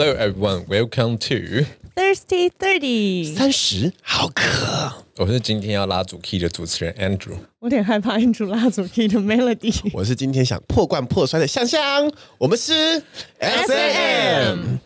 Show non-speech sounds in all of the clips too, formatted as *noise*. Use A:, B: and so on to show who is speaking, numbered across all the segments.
A: Hello everyone, welcome to Thirsty
B: Thirty 三
A: 十，30? 好渴！我是今天要拉主題的主持人 Andrew，
B: 我有點害怕 Andrew 拉主題的 melody。我
C: 是今天想破罐破摔的香香，我們是 SAM。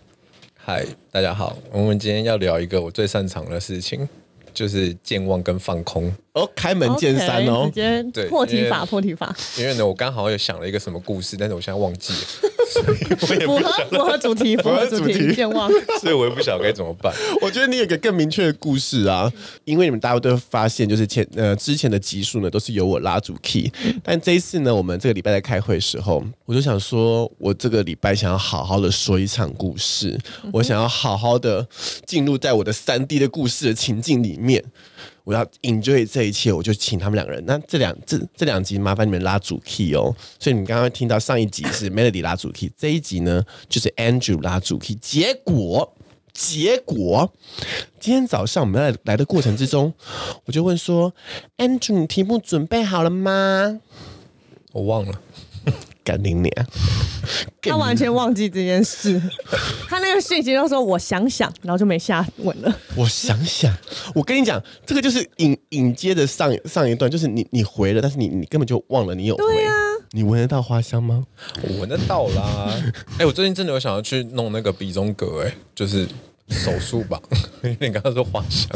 C: 嗨，Hi, 大家好，我們今天要
A: 聊一個我最擅長的事情，就是健忘跟放空。哦，開門見山哦，okay, 嗯、對，破題法，破題法。因為呢，我剛好又想了一個什麼故事，但是我現在忘記了， *laughs* 不合，不，不合主題，不合主題，不合主題，健忘，所以我也不曉得該怎麼辦。
C: *laughs* 我覺得你有一個更明確的故事啊， *laughs* 因為你們大家都會發現，就是前呃之前的集數呢都是由我拉主 key，但這一次呢，我們這個禮拜在開會的時候，我就想說，我這個禮拜想要好好的說一場故事，嗯、我想要好好的進入在我的三 D 的故事的情境裡面。我要 enjoy 這一切，我就請他們兩個人。那這兩這這兩集麻煩你們拉主 key 哦。所以你們剛剛聽到上一集是 Melody 拉主 key，這一集呢就是 Andrew 拉主 key。結果結果，今天早上我們在來的過程之中，我就問說：Andrew，你題目準備好了嗎？我忘了。感動你，啊，
B: 他完全忘記這件事。 *laughs* 他那個訊息就說，我想想，然後就沒下文
C: 了。我想想。我跟你講，這個就是引引接着上上一段，就是你你回了，但是你你根本就忘了你有回。對啊。你聞得到花香嗎？
A: 我聞得到啦。哎、欸，我最近真的有想要去弄那個鼻中隔，哎，就是。手術吧， *laughs* 你剛剛說花香，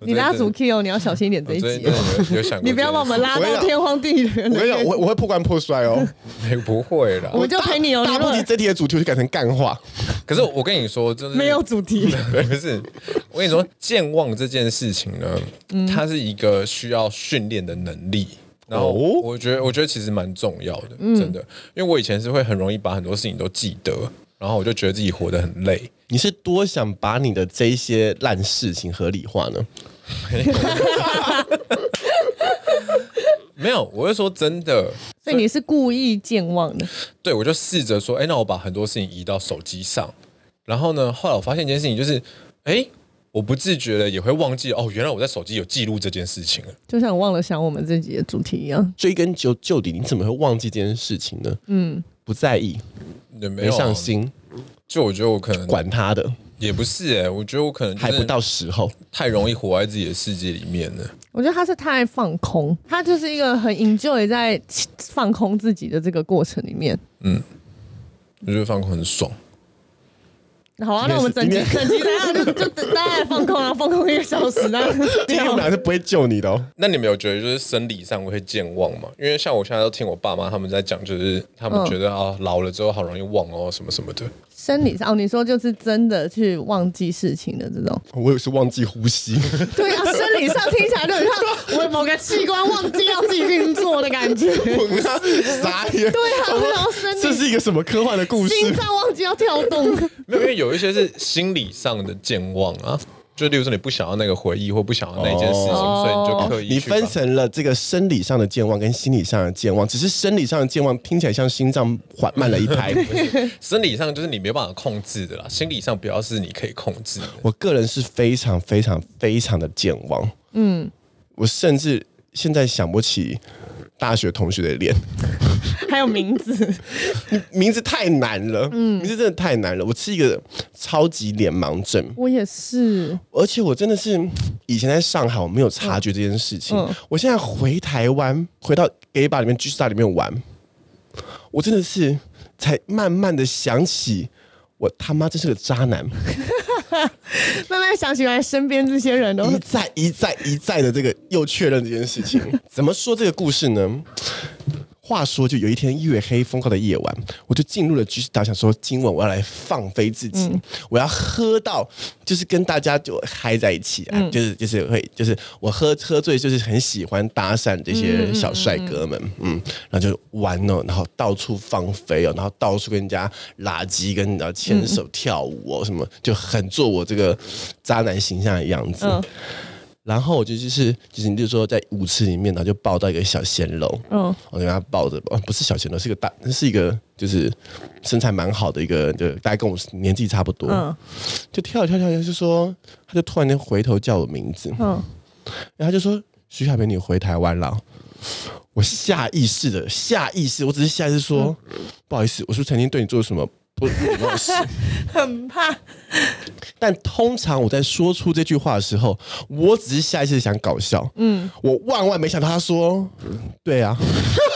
B: 你拉主題哦，你要小心一點這一集。
A: 有，有想過你不要把我們拉到天荒地遠。我跟你講，我會我
C: 會破罐破摔
A: 哦。 *laughs* 不會
C: 的，
B: 我就
A: 陪你哦。來不及，這
C: 題的主題就改成幹話。
A: 可是我跟你說，真的沒有主題 *laughs* 對，不是。我跟你說，健忘這件事情呢，它是一個需要訓練的能力。嗯、然後我覺得、哦，我覺得其實蠻重要的，真的。嗯、因為我以前是會很容
C: 易把很多事情都記得，然後我就覺得自己活得很累。你是多想把你的這一些爛事情合理化呢？ *laughs* 沒有，我是說真的，所以，
B: 所以你是故意健忘的？
C: 對，我就
A: 試着說，哎、欸，那我把很多事情移到手機上。然後呢，後來我發現一件事情，就是，哎、欸，我不自覺的也會忘記。哦，原來我在手機有記錄這件事情了。
B: 就像忘了想我
C: 們自己的主題一樣。追根究究底，你怎麼會忘記這件事情呢？嗯，不在意，也沒，有啊、沒上心。就我覺得我可能、欸、管他的
A: 也不是哎，我覺得我可能還不到時候，太容易活在自己的世界裡面了。
B: 我覺得他是太愛放空，他就是一個很 enjoy 在放空自己的這個過程裡面。
A: 嗯，我覺得放空很爽。
B: 好啊，那我們整集整集
A: 大家就
B: 就大家放空啊，放空一個小時呢。今天我們
A: 還是不會救你的哦。那你沒有覺得就是生理上會健忘嗎？因為像我現在都聽我爸媽他們在講，就是他們覺得啊、嗯哦、老了之後好容易忘哦什麼什麼的。
B: 生理上你說就是真的去忘記事情的
C: 這種，我也是忘記呼吸。
B: *laughs* 對啊，生理上聽起來就像 *laughs* 我有某個器官忘記要自己運作的感覺。我不是傻眼。
C: 對啊，然、哦、後生這是一個什麼科幻的故
B: 事？心臟忘記要跳動。 *laughs*
A: 因為有一些是心理上的健忘啊。就例如說你不想要那個回憶或不想要那件事
C: 情、哦，所以你就刻意去，你分成了這個生理上的健忘跟心理上的健忘，只是生理上的健忘聽起來像心臟緩慢了一拍， *laughs* 不是，
A: 生理上就是你沒有辦法控制的啦。心理上主要是你可以控制的。
C: 我個人是非常非常非常的健忘，嗯，我甚至現在想不起。大學同學的臉，
B: 還有名字 *laughs* ，
C: 名字太難了。嗯，名字真的太難了。我是一個超級臉盲症，
B: 我也是。
C: 而且我真的是以前在上海，我沒有察覺這件事情。嗯嗯、我現在回台灣，回到 A 把裡面 G Star 裡面玩，我真的是才慢慢的想起我，我他媽真是個渣男。 *laughs*
B: *laughs* 慢慢想起來，身邊這些人都 *laughs* 一
C: 再、一再、一再的這個又確認這件事情。 *laughs* 怎麼說這個故事呢？話說，就有一天月黑風高的夜晚，我就進入了局勢島，想說今晚我要來放飛自己，嗯、我要喝到，就是跟大家就嗨在一起、啊嗯，就是就是會，就是我喝喝醉，就是很喜歡搭訕這些小帥哥們嗯嗯嗯，嗯，然後就玩哦，然後到處放飛哦，然後到處跟人家垃圾跟，跟人家牽手跳舞哦，什麼嗯嗯就很做我這個渣男形象的樣子。哦然後我就就是就是，你就說在舞池裡面，然後就抱到一個小鮮肉，我就跟他抱着抱，不是小鮮肉，是一個大，是一個就是身材蠻好的一個，就大概跟我年紀差不多，嗯，就跳一跳一跳跳，就是說，他就突然間回頭叫我名字，嗯，然後他就說徐小平，你回台灣了，我下意識的下意識，我只是下意識說，嗯，不好意思，我是不是曾經對你做了什麼？不，
B: 老師很怕 *laughs* 。
C: 但通常我在說出這句話的時候，我只是下意識想搞笑。嗯，我萬萬沒想到他說，對呀、啊。 *laughs*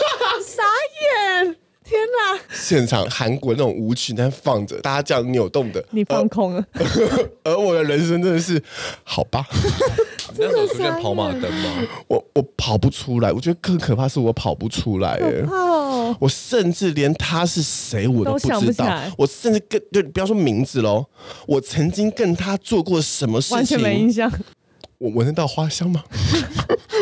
C: 天哪、啊！現場韓國那種舞曲在放着，大家這樣扭動的，你放空了、呃呵呵。而我的人生真的是，好吧？
A: 真 *laughs* 的 *laughs* 跑馬燈嗎？
C: *laughs* 我我跑不出來，我覺得更可怕是我跑不出來、欸哦。我甚至連他是誰我都不知道，我甚至跟對不要說名字嘍，我曾經跟他做過什麼事情完全沒印象。我聞得到花香嗎？ *laughs*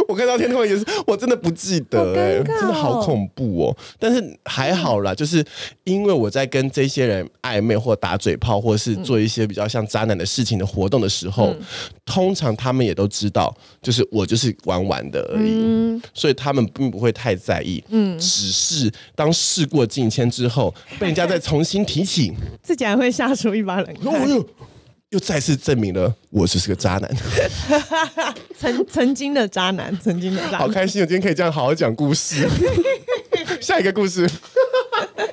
C: *laughs* 我看到天空也是，我真的不記得哎、欸，真的好恐怖哦。但是還好啦，就是因為我在跟這些人曖昧或打嘴炮，或是做一些比較像渣男的事情的活動的時候、嗯，通常他們也都知道，就是我就是玩玩的而已，嗯、所以他們並不會太在意。嗯，只是當事過境遷之後，被人家再重新提起，自己還會嚇出一把冷汗。 *laughs* 又再次證明了我就是個渣男 *laughs* 曾、曾曾經的渣男，曾經的渣男。好開心，我今天可以這樣好好講故事。 *laughs* 下一個故事，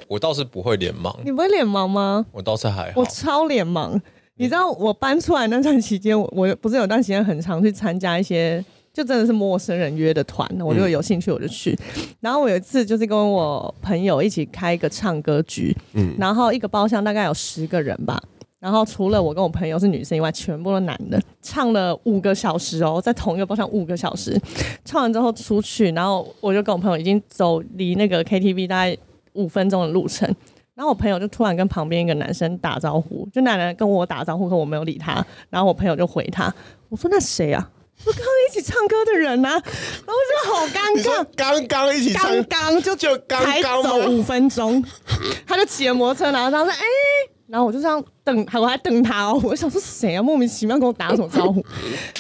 C: 我倒是不會
A: 臉盲。你
B: 不會臉盲嗎？
A: 我倒是還好。我
B: 超臉盲。嗯。你知道我搬出來那段期間，我我不是有段時間很常去參加一些，就真的是陌生人約的團，我就有興趣我就去。然後我有一次就是跟我朋友一起開一個唱歌局，嗯，然後一個包廂大概有十個人吧。然後除了我跟我朋友是女生以外，全部都是男的，唱了五個小時哦，在同一個包廂五個小時，唱完之後出去，然後我就跟我朋友已經走離那個 KTV 大概五分鐘的路程，然後我朋友就突然跟旁邊一個男生打招呼，就奶奶跟我打招呼，可我沒有理他，然後我朋友就回他，我說那誰啊？我剛剛一起唱歌的人啊，然後真的好尷尬，剛剛一起唱，唱剛，剛就就剛剛走五分鐘， *laughs* 他就騎了摩托車，然後他說哎、欸，然後我就這樣。等，我還等他哦。我想說，誰啊？莫名其妙跟我打什麼招呼？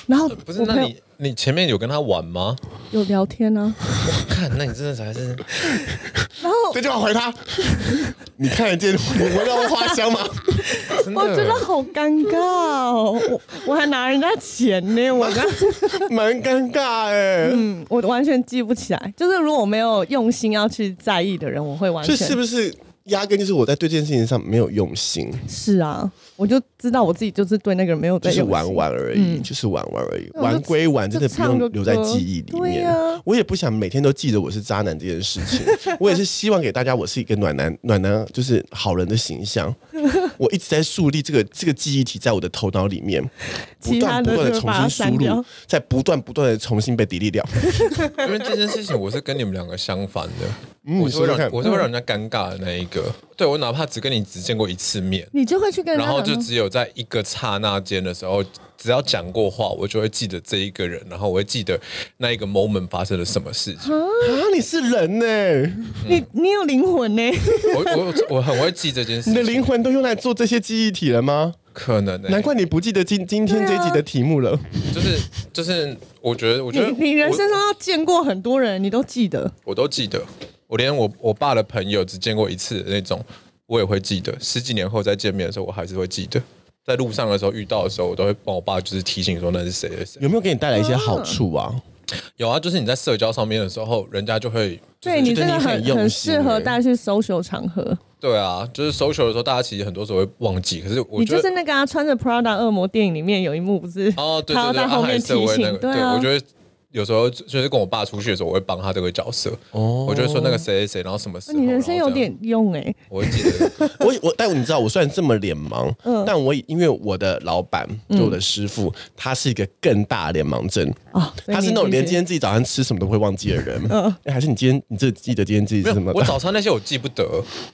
A: 然
B: 後我我不是那
A: 你你前面有跟他玩嗎？
B: 有聊天呢、啊。
A: 我 *laughs* 看、 *laughs* 啊，那、啊、你真的是。
B: 然後這句話回他，
A: *laughs* 你
C: 看得見我，聞
A: 到花香嗎？ *laughs*
B: 我覺得好尷尬，哦。我我還拿人家錢呢，我剛蠻尷尬哎。嗯，我完全記不起來，就是如果沒有用心要去在意的人，我會完全。這、就是不是？
C: 壓根就是我在對這件事情上沒有用心。
B: 是啊。我就知道我自己就是對那個人沒有，就是
C: 玩玩而已，就是玩玩而已。嗯，就是、玩歸玩，玩玩真的不用留在記憶裡面。啊、我也不想每天都記得我是渣男這件事情。 *laughs* 我也是希望給大家，我是一個暖男，暖男就是好人的形象。 *laughs* 我一直在樹立這個這個記憶體在我的頭腦裡面，不斷不斷的重新輸入，在不斷不斷的重新被 delete 掉。
A: *laughs* 因為這件事情，我是跟你們兩個相反的。嗯、我是讓說說我是會讓人家尷尬的那一個。嗯對，我哪怕只跟你只見過一次面，
B: 你就會去跟，然後就只
A: 有在一個剎那間的時候，只要講過話，我就會記得這一個人，然後我會記得那一個 moment 發生了什麼
C: 事情。你是人呢？欸嗯。你你有靈魂呢？欸？ *laughs* 我我我很會記這件事情，你的靈魂都用來做這些記憶體了嗎？可能、欸，難怪你不記得今今天這一集的題目了。啊、就是
A: 就是我，我覺得我覺得你人生
B: 中要見過很多人，你都記得。
A: 我都記得。我連我我爸的朋友只見過一次的那種，我也會記得。十幾年後再見面的時候，我還是會記得。在路上的時候遇到的時候，我都會幫我爸就是提醒說那是誰誰。有
C: 沒有給你帶來一些好處啊，啊？
A: 有啊，就是你在社交上面的時候，人家就會、就是覺得你很欸，對你很，真的很很適合
B: 帶去 social 場合。
A: 對啊，就是 social 的時候，大家其實很多時候會忘記。可是我覺
B: 得，你就是那個、啊、穿着 Prada 惡魔電影裡面有一
A: 幕不是，哦，對對對後面提醒，對我覺得。有時候就是跟我爸出去的時候，我會幫他這個角色。哦、oh,，我就說那個誰誰誰，然後什麼時候，
B: 你人生有點用哎、欸。
A: *laughs* 我會記
C: 得我，我我但你知道，我雖然這麼臉盲，嗯，但我因為我的老闆，就我的師傅，嗯，他是一個更大臉盲症，嗯，他是那種連今天自己早上吃什麼都會忘記的人。嗯，還是你今天你自己記得今天自己吃什麼？我早
A: 餐那些我記不得，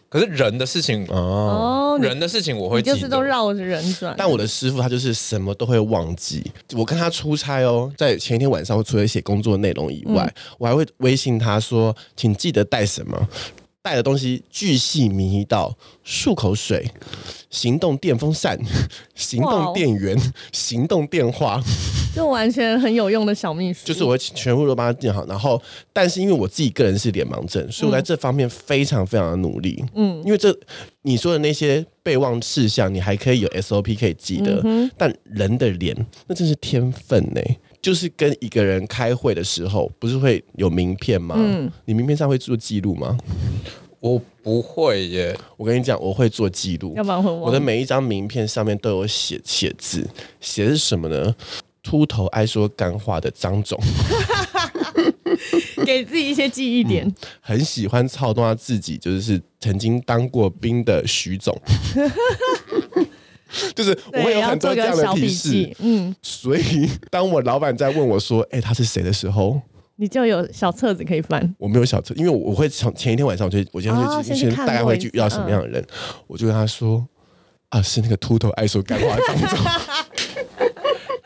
C: 可是人的事情哦，人的事情我會記得，就是
B: 都繞着人轉。但我的
C: 師傅他就是什麼都會忘記。我跟他出差哦，在前一天晚上會出差。寫工作內容以外、嗯，我還會微信他說，請記得帶什麼，帶的東西巨細靡遺到漱口水、行動電風扇、行動電源、哦、行動電話，
B: 就完全很有用的小秘書。 *laughs* 就是我
C: 會全部都幫他定好，然後，但是因為我自己個人是臉盲症，所以我在這方面非常非常的努力。嗯，因為這你說的那些備忘事項，你還可以有 SOP 可以記得，嗯、但人的臉，那真是天分呢、欸。就是跟一個人開會的時候，不是會有名片嗎？嗯。你名片上會做記錄嗎？我不會耶。我跟你講，我會做會記錄。我的每一張名片上面都有寫寫字，寫的是什麼呢？禿頭愛說幹話的張總。
B: *laughs* 給自己一些記憶點。 *laughs*
C: 嗯，很喜歡操他自己，就是曾經當過兵的徐總。 *laughs* 就是我會有很多這樣的筆記。嗯，所以當我老闆在問我說：“哎、欸，他是誰”的時候，
B: 你就有小冊子可以翻。
C: 我沒有小冊，因為我會從前一天晚上我，我就我就先去大概會去遇到什麼樣的人，嗯，我就跟他說：“啊，是那個禿頭愛說幹話的 *laughs*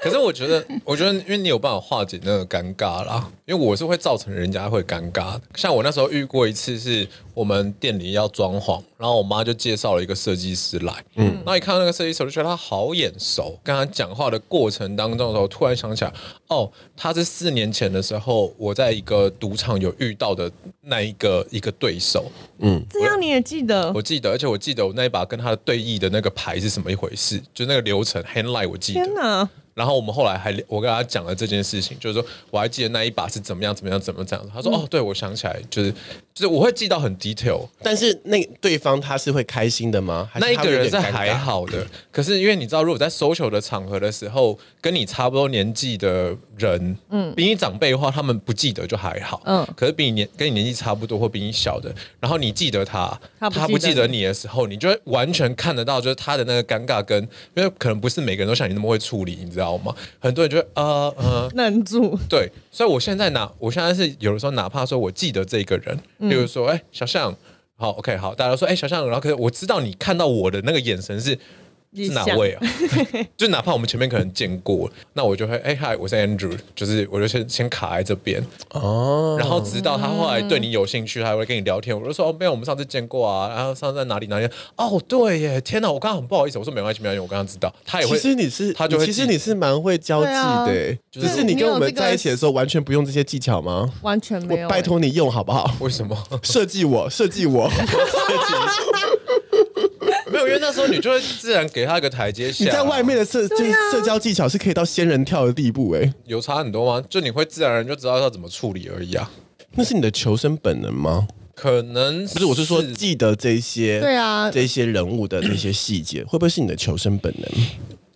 A: 可是我覺得， *laughs* 我覺得，因為你有辦法化解那個尷尬啦。因為我是會造成人家會尷尬。像我那時候遇過一次，是我們店裡要裝潢，然後我媽就介紹了一個設計師來。嗯。那一看到那個設計師，我就覺得他好眼熟。跟他講話的過程當中的時候，突然想起來，哦，他是四年前的時候我在一個賭場有遇到的那一個一個對手。嗯。這樣
B: 你也記得我？
A: 我記得，而且我記得我那一把跟他的對弈的那個牌是什麼一回事，就那個流程 handline，我記得。天哪。然後我們後來還我跟他講了這件事情，就是說我還記得那一把是怎麼樣怎麼樣怎麼樣,這樣他說、嗯、哦，對我想起來就是就是我會記到很 detail，但是那對方他是會開心的嗎？還是他會有點尷尬？那一個人是還好的、嗯，可是因為你知道，如果在 social 的場合的時候，跟你差不多年紀的人，嗯，比你長輩的話，他們不記得就還好，嗯，可是比你年跟你年紀差不多或比你小的，然後你記得他，他不記得你,他不記得你的時候，你就會完全看得到就是他的那個尷尬跟，跟因為可能不是每個人都像你那麼會處理，你知道。好嗎？很多人覺得呃呃難住。對，所以我現在哪，我現在是有的時候，哪怕說我記得這個人，比如說哎、嗯欸、小象，好 OK 好，大家都說哎、欸、小象，然後可是我知道你看到我的那個眼神是，是哪位啊？ *laughs* 就哪怕我們前面可能見過，那我就會哎、欸、嗨，我是 Andrew，就是我就先先卡在這邊哦，然後直到他後來對你有興趣、嗯，他會跟你聊天，我就說哦，沒有，我們上次見過啊，然後上次在哪裡哪裡？哦，對耶，天哪，我剛剛很不好意思，我說沒關係沒關係，我剛剛知道。他也會其實你是他就其實你
C: 是蠻會交際的、啊，就是你這個、只是你跟我們在一起的時候完全不用這些技巧嗎？
B: 完全沒有，我拜
C: 託你用好不好？為什麼？ *laughs* 設計我，設計我。 *laughs* *laughs* *laughs* 沒有，因為那時候你就會自然給他一個台階下、啊。你在外面的社、啊、社交技巧是可以到仙人跳的地步誒、欸，
A: 有差很多嗎？就你會自然而然就知道要怎麼處理而已啊。
C: 那是你的求生本能嗎？可能不是，我是說記得這些，對啊，這些人物的那些細節， *coughs* 會不會是你的求生本能？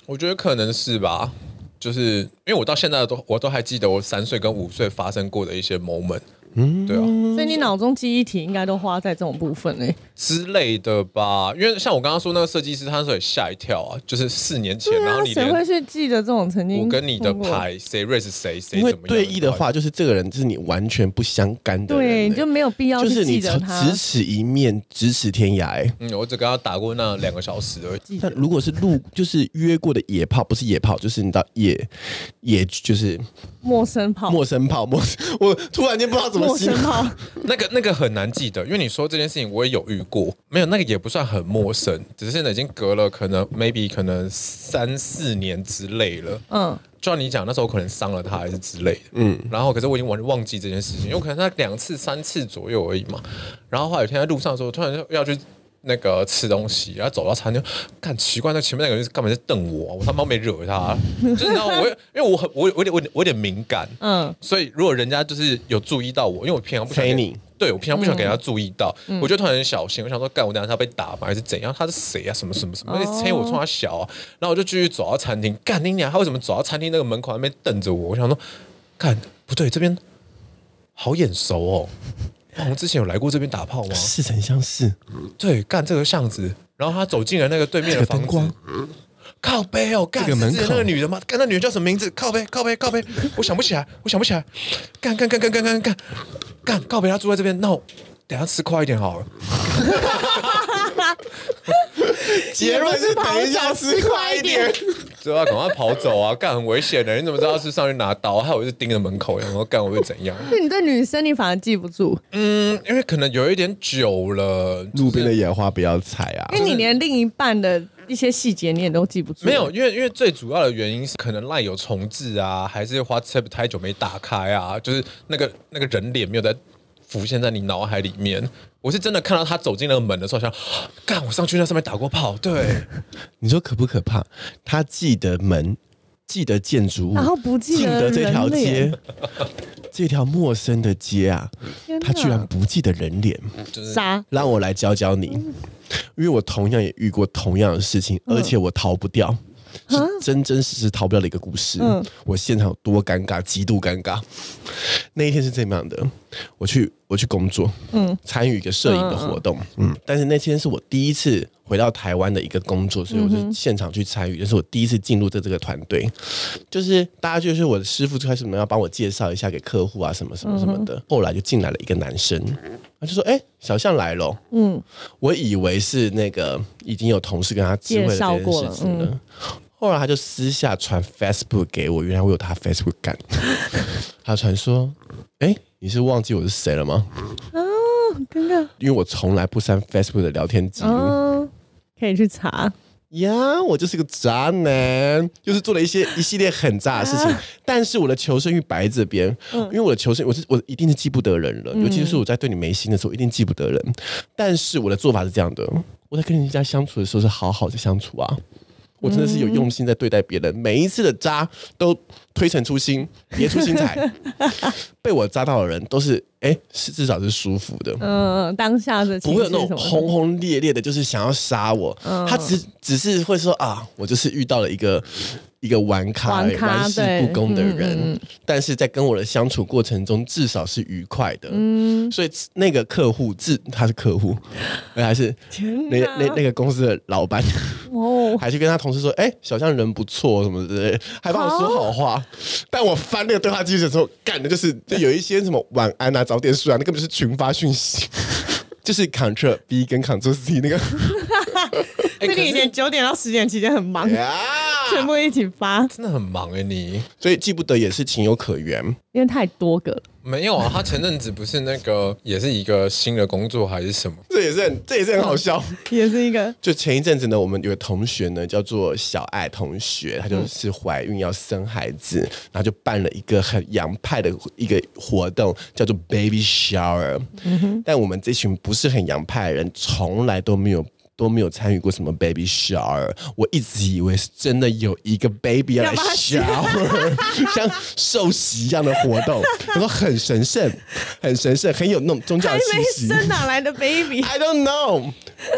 A: 我覺得可能是吧，就是因為我到現在都我都還記得我三歲跟五歲發生過的一些 moment。嗯，對啊、
B: 嗯，所以你腦中記憶體應該都花在這種部分呢、欸、
A: 之類的吧？因為像我剛剛說那個設計師，他那時候也嚇一跳啊，就是四年前，啊、然後你誰
B: 會去記得這種
C: 曾
A: 經？我跟你的牌誰瑞是誰誰？因為對弈的話，
C: 就是這個人就是你完全不相干的人、欸，對，你
B: 就沒有必要去就是你的只
C: 此一面，咫尺天涯、欸、嗯，我
A: 只跟他打過
C: 那兩個小時而已。但如果是路就是約過的野炮，不是野炮，就是你的野野，野就是。陌生跑，陌生跑，陌生。我
A: 突然間不知道怎麼陌生 *laughs* 那個那個很難記得，因為你說這件事情，我也有遇過，沒有那個也不算很陌生，只是現在已經隔了可能 maybe 可能三四年之類了。嗯，就像你講，那時候可能傷了他還是之類的。嗯，然後可是我已經完全忘記這件事情，因為可能他兩次三次左右而已嘛。然後後來有一天在路上的時候，突然就要去。那個吃東西，然後走到餐廳，看奇怪，那前面那個人是幹嘛？在瞪我、啊，我他媽沒惹他、啊， *laughs* 就是那我因為我很我我有點我我，我，我有點敏感，嗯，所以如果人家就是有注意到我，因為我平常不想，隨你，對我平常不想給人家注意到、嗯，我就突然很小心，我想說，幹我等下他被打嗎？還是怎樣？他是誰啊？什麼什麼什麼？那、哦、推我衝他笑、啊，然後我就繼續走到餐廳，幹你娘，他為什麼走到餐廳那個門口那邊瞪着我？我想說，幹不對，這邊好眼熟哦。我之前有來過這邊打炮嗎？似曾相識，對，幹這個巷子，然後他走進了那個對面的房、這個、燈光。靠背哦，幹這個門這那個女人嗎？幹那女人叫什麼名字？靠背，靠背，靠背，我想不起來，我想不起來，干干干干干干干干，靠背，他住在這邊， *laughs* 那我等下吃快一點好了。
B: *laughs* 結論是等一下吃快一點。 *laughs*
A: 就要趕快跑走啊！幹 *laughs* 很危險的，你怎麼知道是上去拿刀？還有是盯着門口，然後幹我會怎樣？
B: 那你對女生你反而記不住？嗯，
A: 因為可能有一點久了，就是、
C: 路邊的野花不要採
A: 啊、就是。
B: 因為你連另一半的一些細節你也都記不住、嗯。沒有，
A: 因為因為最主要的原因是可能 LINE 有重置啊，還是 WhatsApp 太久沒打開啊，就是那個那個人臉沒有在。浮現在你腦海裡面，我是真的看到他走進那個門的時候，想，哦、幹我上
C: 去在上面打過炮，對、嗯，你說可不可怕？他記得門，記得建築物，然後不記得，記得這條街，這條陌生的街啊，他居然不記得人臉，啥、嗯就是？讓我來教教你、嗯，因為我同樣也遇過同樣的事情，嗯、而且我逃不掉。是真真實實逃不掉的一個故事。嗯，我現場有多尷尬，極度尷尬。那一天是這樣的，我去，我去工作，嗯，參與一個攝影的活動，嗯，嗯，但是那天是我第一次。回到台灣的一個工作，所以我就現場去參與，這、嗯，就是我第一次進入的這個團隊，就是大家就是我的師傅最開始能要幫我介紹一下給客戶啊什麼什麼什麼的。嗯、後來就進來了一個男生，他就說：“哎、欸，小象來嘍。”嗯，我以為是那個已經有同事跟他機會的人認識了，了、嗯。後來他就私下傳 Facebook 給我，原來我有他 Facebook 幹。 *laughs* 他傳說：“哎、欸，你是忘記我是誰了嗎？”哦，
B: 尷尬。
C: 因為我從來不刪 Facebook 的聊天記錄。
B: 哦可以去查呀
C: ，yeah, 我就是個渣男，就是做了一些一系列很渣的事情。 *laughs* 但是我的求生欲擺在這邊，嗯，因為我的求生，我是我一定是記不得人了，嗯、尤其是我在對你沒心的時候，一定記不得人。但是我的做法是這樣的，我在跟人家相處的時候是好好的相處啊。我真的是有用心在對待別人、嗯，每一次的渣都推陳出新、別出心裁， *laughs* 被我渣到的人都是哎，欸，是至少是舒服的。嗯、呃，
B: 當下的是不會有那種轟
C: 轟烈、烈烈的，就是想要殺我，哦。他只只是會說啊，我就是遇到了一個。一個玩開玩世不恭的人、嗯，但是在跟我的相處過程中，至少是愉快的。嗯，所以那個客戶自他是客戶，嗯、還是、啊、那那那個公司的老闆、哦，還是跟他同事說：“哎、欸，小象人不錯，什麼之類，還幫我說好話。好”但我翻那個對話記錄的時候，幹的就是就有一些什麼晚安啊、早點睡啊，那根本就是群發訊息， *laughs* 就是 Ctrl B 跟 Ctrl C 那個。這、 *laughs* 欸、你以
B: 前九點到十點期間很忙。欸啊全部一起發，啊、真的很忙
A: 哎，、欸，你
C: 所以記不得也是情有可原，
B: 因為太多個。
A: 沒有啊，他前陣子不
C: 是那個，也是一個新的工作還是什麼？ *laughs* 這也是很這也是很好笑、嗯，
B: 也是一個。
C: 就前一陣子呢，我們有個同學呢，叫做小愛同學，她就是懷孕要生孩子，、嗯，然後就辦了一個很洋派的一個活動，叫做 baby shower。嗯哼，但我們這群不是很洋派的人，從來都沒有。都沒有參與過什麼 baby shower，我一直以為是真的有一個 baby 要來 shower，要洗 *laughs* 像受洗一樣的活動， *laughs* 然後說很神聖，很神聖，很有那種宗教氣息。哪來的 baby？I don't know。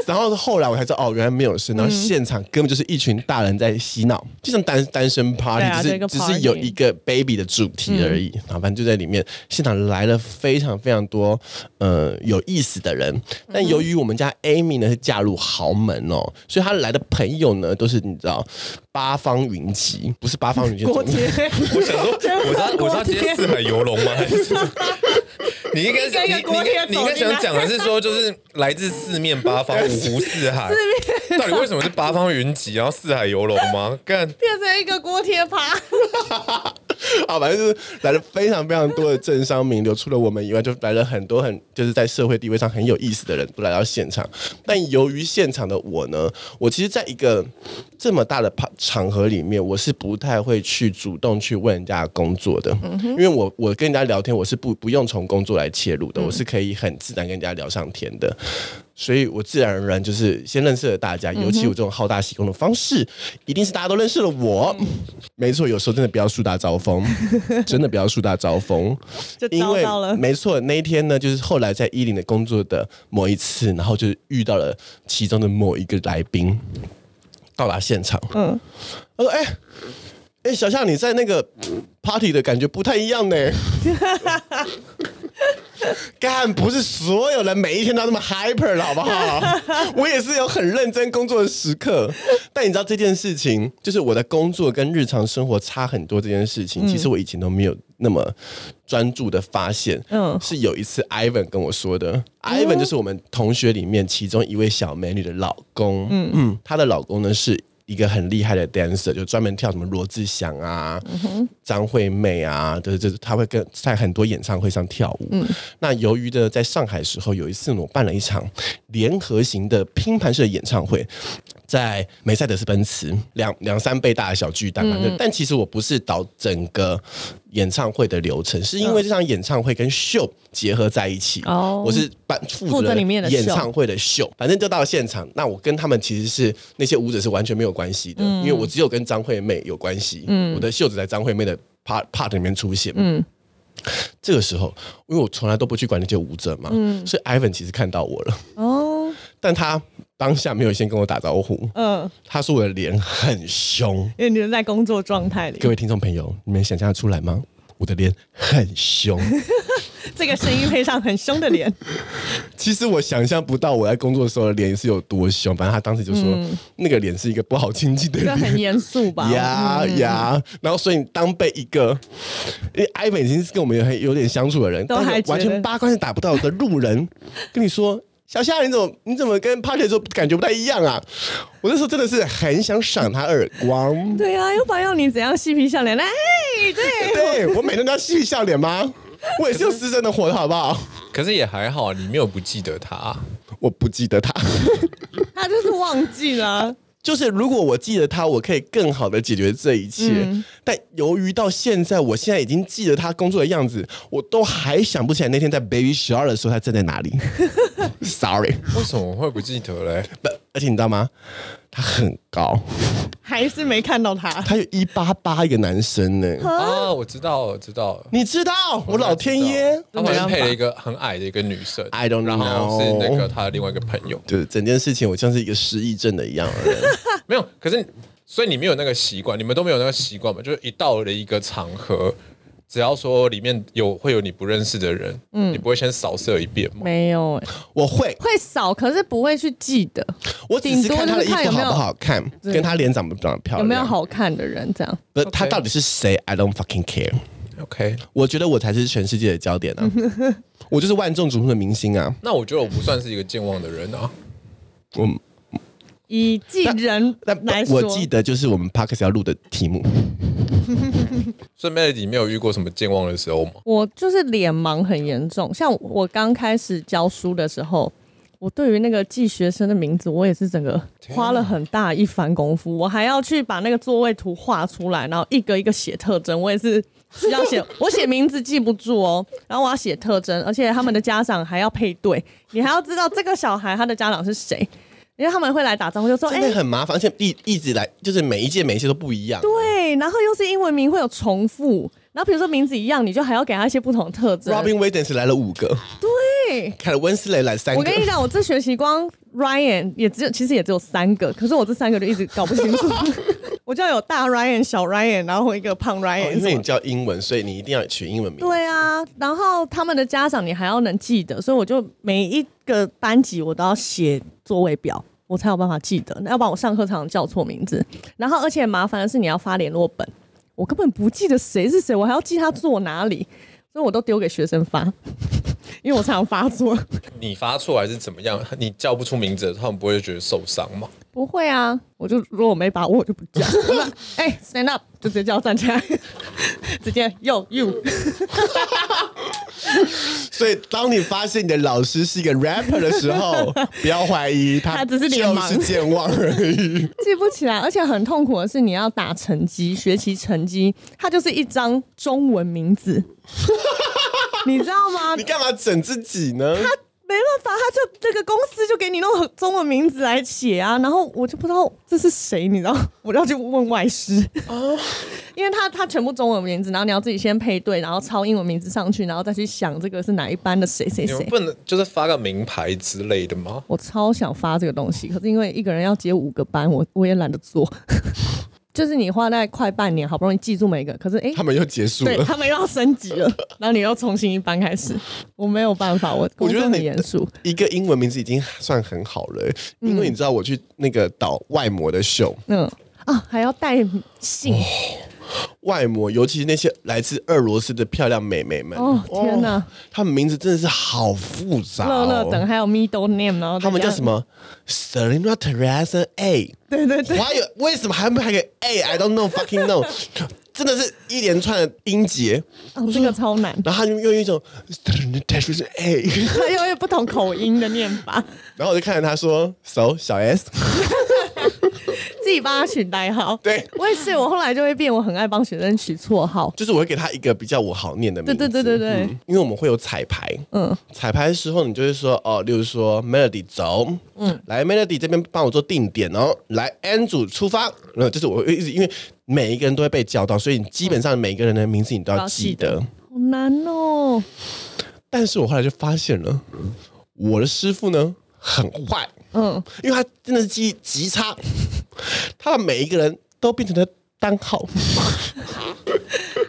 C: 然後後來我才知道，哦，原來沒有生，然後現場根本就是一群大人在洗腦，就像單單身 party，、啊、只是就 party 只是有一個 baby 的主題而已。然、嗯、後反正就在裡面，現場來了非常非常多呃有意思的人。但由於我們家 Amy 呢是嫁入。豪門哦，所以他來的朋友呢，都是你知道，八方雲集，不是八方雲集。 *laughs* 鍋貼。我想說，我知道，我知道今天四海游龍嗎？還是一個，
A: 一個你應該，你你，應該想講的是說，就是來自四面八方，五湖四海四，啊。到底為
C: 什麼是八方雲集，然後四海游龍嗎？幹，
B: 變成一個鍋貼趴。 *laughs*
C: *laughs* 好，反正就是來了非常非常多的政商名流， *laughs* 除了我們以外，就來了很多很就是在社會地位上很有意思的人都來到現場。但由於現場的我呢，我其實在一個這麼大的場場合裡面，我是不太會去主動去問人家工作的，嗯、因為我我跟人家聊天，我是不不用從工作來切入的、嗯，我是可以很自然跟人家聊上天的。所以，我自然而然就是先認識了大家，尤其我這種好大喜功的方式，嗯，一定是大家都認識了我。嗯、沒錯，有時候真的不要樹大招風， *laughs* 真的不要樹大招風。 *laughs* 就遭到了。因為沒錯，那一天呢，就是後來在伊林的工作的某一次，然後就遇到了其中的某一個來賓到達現場。嗯，他說：“哎，哎，小夏，你在那個 party 的感覺不太一樣呢。 *laughs* ”幹 *laughs* 不是所有人每一天都那麼 hyper 了，好不好？ *laughs* 我也是有很認真工作的時刻。但你知道這件事情，就是我的工作跟日常生活差很多這件事情，其實我以前都沒有那麼專注的發現。嗯，是有一次 Ivan 跟我說的，嗯，Ivan 就是我們同學裡面其中一位小美女的老公。嗯嗯，她的老公呢是。一個很厲害的 dancer，就專門跳什麼羅志祥啊、嗯、哼張惠妹啊，就就是他會跟在很多演唱會上跳舞。嗯、那由於呢，在上海的時候，有一次我辦了一場聯合型的拼盤式的演唱會，在梅賽德斯奔馳兩兩三倍大的小巨蛋，嗯，但其實我不是導整個演唱會的流程，是因為這場演唱會跟秀結合在一起，哦、我是負責裡面的演唱會的秀，反正就到了現場，那我跟他們其實是那些舞者是完全沒有關係的，嗯、因為我只有跟張惠妹有關係，嗯、我的秀只在張惠妹的 part part 裡面出現。嗯，這個時候，因為我從來都不去管那些舞者嘛，嗯、所以 Ivan 其實看到我了。哦、但他，當下沒有先跟我打招呼，嗯、呃，他說我的臉很凶，
B: 因為你在工作狀態裡，嗯。各位
C: 聽眾朋友，你們想象得出來嗎？我的臉很凶，
B: *laughs* 這個聲音配上很凶的臉。
C: *laughs* 其實我想象不到我在工作的時候的臉是有多凶，反正他當時就說，嗯，那個臉是一個不好親近的臉，很嚴
B: 肅吧？呀，yeah, 呀
C: ，yeah，然後所以你當被一個，嗯，因為艾美已經是跟我們有有點相處的人，都還但完全八竿子打不到的路人跟你說。 *laughs* 小夏你，你怎麼你怎麼跟 Party 的時候感覺不太一樣啊？我那時候真的是很想扇他耳光。 *laughs* 對
B: 啊，又擺又你怎樣嬉皮笑
C: 臉？哎，對，對我每天都要嬉皮笑臉嗎？我也是有私生的活的好不好？可是也還好，你沒有不記得他、啊，我不記得他， *laughs* 他就是忘記了、啊。就是如果我記得他，我可以更好的解決這一切。嗯、但由於到現在，我現在已經記得他工作的樣子，我都還想不起來那天在 Baby 十二的時候他站在哪裡。 *laughs* Sorry，為什麼我會不記得嘞？不，而且你知道嗎？他很高，還是沒看到他。他有一八八一個男生呢、欸。啊，我知道了，我知道了，你知道，我老天爺，他好像配了一個
A: 很矮的一個女生。I don't know，然後是那個他的另外一個朋
C: 友。對，整件事情我像是一個失憶症的一樣的。
A: *laughs* 沒有，可是所以你沒有那個習慣，你們都沒有那個習慣嘛？就是一到了一個場合。只要說裡面有會有你不認識的人，嗯，你不會先
C: 掃射一遍嗎？
B: 沒有、欸，我會會掃，可是不會去記得。我頂多是看他的衣服好不好
C: 看，跟他臉長不長得漂亮，有沒
B: 有好看的人這樣？
C: 可是，他到底是誰？I don't fucking care。OK，我覺得我才是全世界的焦點啊！ *laughs* 我就是萬眾矚目的明星啊！
A: 那我覺得我不算是一個健忘的人啊。
C: 嗯。 *laughs*
B: 以記人來說，那我記
C: 得就是我們帕克斯要錄的題目。
A: 順便你，沒有遇過什麼健忘的時候嗎？
B: 我就是臉盲很嚴重，像我剛開始教書的時候，我對於那個記學生的名字，我也是整個花了很大一番功夫。我還要去把那個座位圖畫出來，然後一個一個寫特徵，我也是需要寫。 *laughs* 我寫名字記不住哦、喔，然後我要寫特徵，而且他們的家長還要配對，你還要知道這個小孩他的家長是誰。因為他們會來打
C: 招呼，我就說：“因為很麻煩，欸、而且一一直來，就是每一屆每一屆都不一樣。”
B: 對，然後又是英文名會有重複，然後比如說名字一樣，你就還要給他一些不同的特徵。Robin
C: Williams 來了五個，
B: 對，
C: 凱文斯雷來三個。我跟你講，
B: 我這學期光 Ryan 也只有，其實也只有三個，可是我這三個就一直搞不清楚。 *laughs* *laughs* 我就要有大 Ryan 小 Ryan，然後一個胖 Ryan，哦。因為你
C: 叫英文，所以你一定要取英文
B: 名字。對啊，然後他們的家長你還要能記得，所以我就每一個班級我都要寫座位表，我才有辦法記得。那要不然我上課常常叫錯名字，然後而且麻煩的是你要發聯絡本，我根本不記得誰是誰，我還要記他坐哪裡，所以我都丟給學生發，因為我常常發錯 *laughs* 。
A: 你發錯還是怎麼樣？你叫不出名字，他們不會覺得受傷嗎？
B: 不會啊，我就如果我沒把握，我就不講。哎、 *laughs* *laughs* 欸、，stand up，就直接叫站起來，直接 yo you。
C: *laughs* 所以，當你發現你的老師是一個 rapper 的時候，不要懷疑他，只是健忘而
B: 已， *laughs* 記不起來。而且很痛苦的是，你要打成績，學習成績，他就是一張中文名字，
C: *laughs* 你知道嗎？你幹嘛整自己呢？
B: 沒辦法，他就這、那個公司就給你弄中文名字來寫啊，然後我就不知道這是誰，你知道？我就要去問外師哦，Oh. 因為他他全部中文名字，然後你要自己先配對，然後抄英文名字上去，然後再去想這個是哪一班的誰誰誰。你不能
A: 就是發個名牌之類的嗎？
B: 我超想發這個東西，可是因為一個人要接五個班，我我也懶得做。 *laughs* 就是你花在快半年，好不容易記住每一個，可是誒、欸，他們又結束了對，對他們又要升級了， *laughs* 然後你又重新一班開始，我沒有辦法，我我覺得很嚴
C: 肅，一個英文名字已經算很好了、欸嗯，因為你知道我去那個導外模的秀，嗯，嗯啊還要帶姓。哦外模，尤其是那些來自俄羅斯的漂亮妹妹們。哦，哦天哪，他們名字真的是好複雜，哦。樂樂等還
B: 有 Middle Name 哦，她們叫什麼
C: Serena Teresa A？對對對，還有為什麼還要還個 A？I don't know fucking know， *laughs* 真的是一連串的音節，哦，這個超難。然後她就用一種 Teresa A，因為不同口音的念法。 *laughs* 然後我就看着他說 *laughs* ，So 小 S。 *laughs*
B: 自己幫他取代號，對，我也是。我後來就會變，我很愛幫學生取綽號， *laughs* 就是我會給他一
C: 個比較我好念的名字。對
B: 對對對、
C: 嗯、因為我們會有彩排，嗯，彩排的時候你就會說，哦，例如說 Melody 走，嗯來，來 Melody 這邊幫我做定點哦，來 End 組出發，嗯，就是我一直因為每一個人都會被叫到，所以你基本上每一個人的名字你都要記得，嗯、
B: 好難哦。
C: 但是我後來就發現了，我的師傅呢很壞，嗯，因為他真的是記憶極差。他把每一個人都變成了單號，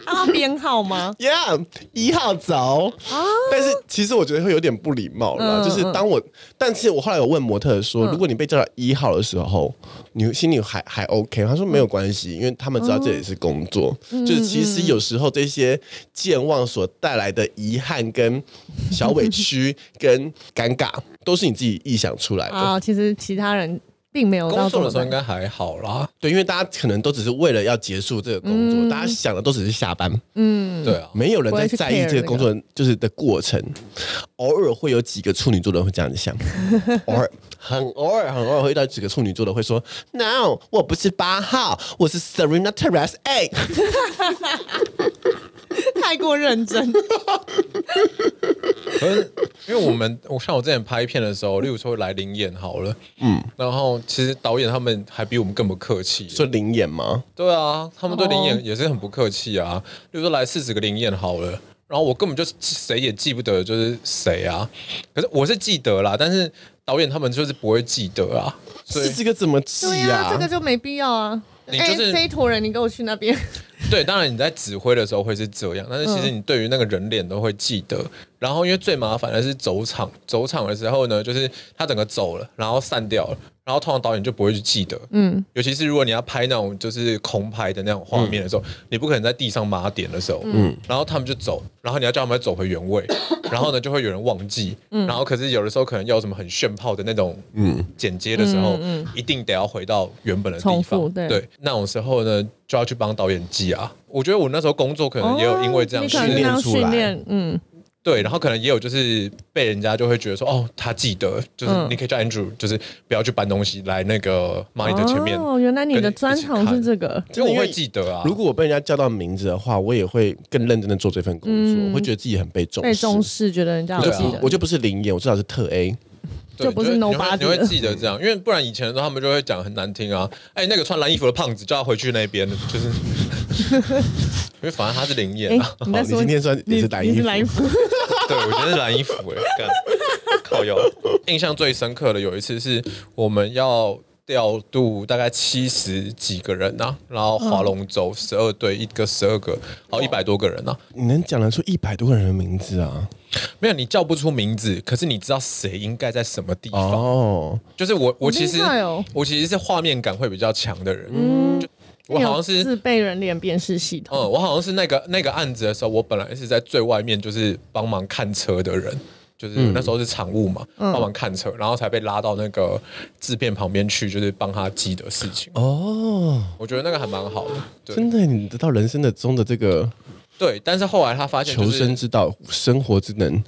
C: 啊，編號嗎 *laughs* ？Yeah，一號走啊。但是其實我覺得會有點不禮貌了啦、嗯，就是當我，但是我後來有問模特說、嗯，如果你被叫到一號的時候，你心裡還還 OK？他說沒有關係、嗯，因為他們知道這也是工作、嗯。就是其實有時候這些健忘所帶來的遺憾、跟小委屈、跟尷尬， *laughs* 都是你自己臆想出來的、啊。
B: 其實其他人。工作的時候應該
C: 還好啦，對，因為大家可能都只是為了要結束這個工作、嗯，大家想的都只是下班，
B: 嗯，對啊，
C: 沒有人在在意這個工作就是的過程，偶爾會有幾個處女座的會這樣子想， *laughs* 偶爾很偶爾很偶爾會遇到幾個處女座的會說 *laughs* ，No，我不是八號，我是 Serena Terrace egg。 *laughs* *laughs* 」 *laughs* 太過認真 *laughs* 。
A: 可是，因為我們我看我之前拍片的時候，例如說來臨演好了，嗯，然後其實導演他們還比我們更不客氣。說臨演嗎？對啊，他們對臨演也是很不客氣啊。Oh. 例如說來四十個臨演好了，然後我根本就誰也記不得就是誰啊。可是我是記得啦，但是導演他們就是不會記得啊。四十個怎麼記啊，啊？這個就
B: 沒必要啊。哎、
A: 就是，誰、欸、
B: 托人？你跟我去那邊。
A: 對，當然你在指揮的時候會是這樣，但是其實你對於那個人臉都會記得。嗯、然後，因為最麻煩的是走場，走場的時候呢，就是他整個走了，然後散掉了。然後通常導演就不會去記得，嗯，尤其是如果你要拍那種就是空拍的那種畫面的時候，嗯、你不可能在地上抹點的時候，嗯，然後他們就走，然後你要叫他們走回原位，嗯、然後呢就會有人忘記，嗯，然後可是有的時候可能要什麼很炫炮的那種剪接的時候，嗯嗯嗯嗯，一定得要回到原本的地方，對，對，那種時候呢就要去幫導演記啊。我覺得我那時候工作可能也有因為這樣訓、哦、練，訓練出來，嗯。對，然後可能也有就是被人家就會覺得說，哦，他記得，就是你可以叫 Andrew，就是不要去搬東西來那個
C: 螞蟻的前面。哦，原來你的專長是這
B: 個，因會記
C: 得啊。如果我被人家叫到名字的話，我也會更認真的做這份工作，我、嗯、會覺得自己很被重視，被重
B: 視，覺得人家很得我。我
C: 就不是林眼，我至少是特 A，就不是 no 你，你，你會記得這樣，因為不然以前的時候他們就
A: 會講很難聽啊，哎，那個穿藍衣服的胖子叫回去那邊，就是。 *laughs* 因為反而他是靈驗啊、欸你你好，你今天穿你，你是藍衣服 *laughs* 對，對我覺得是藍衣服哎、欸，好有印象最深刻的有一次是我們要調度大概七十幾個人吶、啊，然後划龍舟十二隊一個十二個，啊、好一百多個人吶、
C: 啊，你能講得出一百多個人的名字啊？
A: 沒有，你叫不出名字，可是你知道誰應該在什麼地方哦，就是我我其實、哦、我其實是畫面感會比較強的人，嗯。我好像是
B: 被人臉辨識系
A: 統。嗯，我好像是那個那個案子的時候，我本來是在最外面，就是幫忙看車的人，就是那時候是場務嘛、嗯，幫忙看車，然後才被拉到那個製片旁邊去，就是幫他記的事情。
C: 哦，
A: 我覺得那個還蠻好的。對，真
C: 的，你得到人生的中的這個
A: 對，但是後來他發現求生
C: 之道，生活之能。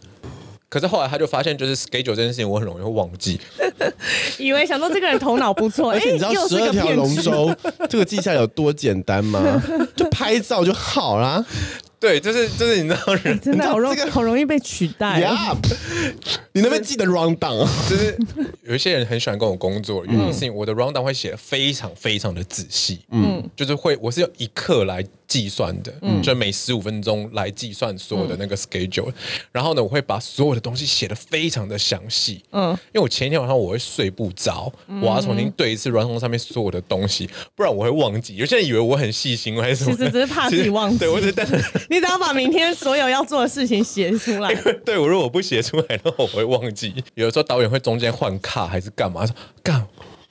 A: 可是後來他就發現，就是 schedule 這件事情，我很容易會忘記。 *laughs* 以為想說這個人頭腦不錯，
B: 而且， *laughs* 你知道十二條龍舟
C: 這個記下有多簡單嗎？就拍照就好啦。 *laughs* 對，就是就是你知道人，人、欸，真的、這個、好，容易好
B: 容易被取代。y、yeah, e、 *laughs*
C: 就是、你能
A: 不能記得 round down？、啊、就是有一些人很喜歡跟我工作，原因是因為我的 round down 會寫的非常非常的仔細。嗯，就是會，我是用一刻來計算的，嗯、就每十五分鐘來計算所有的那個 schedule、嗯。然後呢，我會把所有的東西寫的非常的詳細。嗯，因為我前一天晚上我會睡不着、嗯，我要重新對一次 round down 上面所有的東西，不然我會忘記。有些人以為我很細心，我還是什麼？其實只是怕自己忘記。對，我只是但是。
B: *laughs* *laughs* 你只要把明天所有要做的事情寫出來、欸。
A: 對，我如果不寫出來的話，我會忘記。 *laughs* 有的時候導演會中間換卡還是幹嘛？他說幹，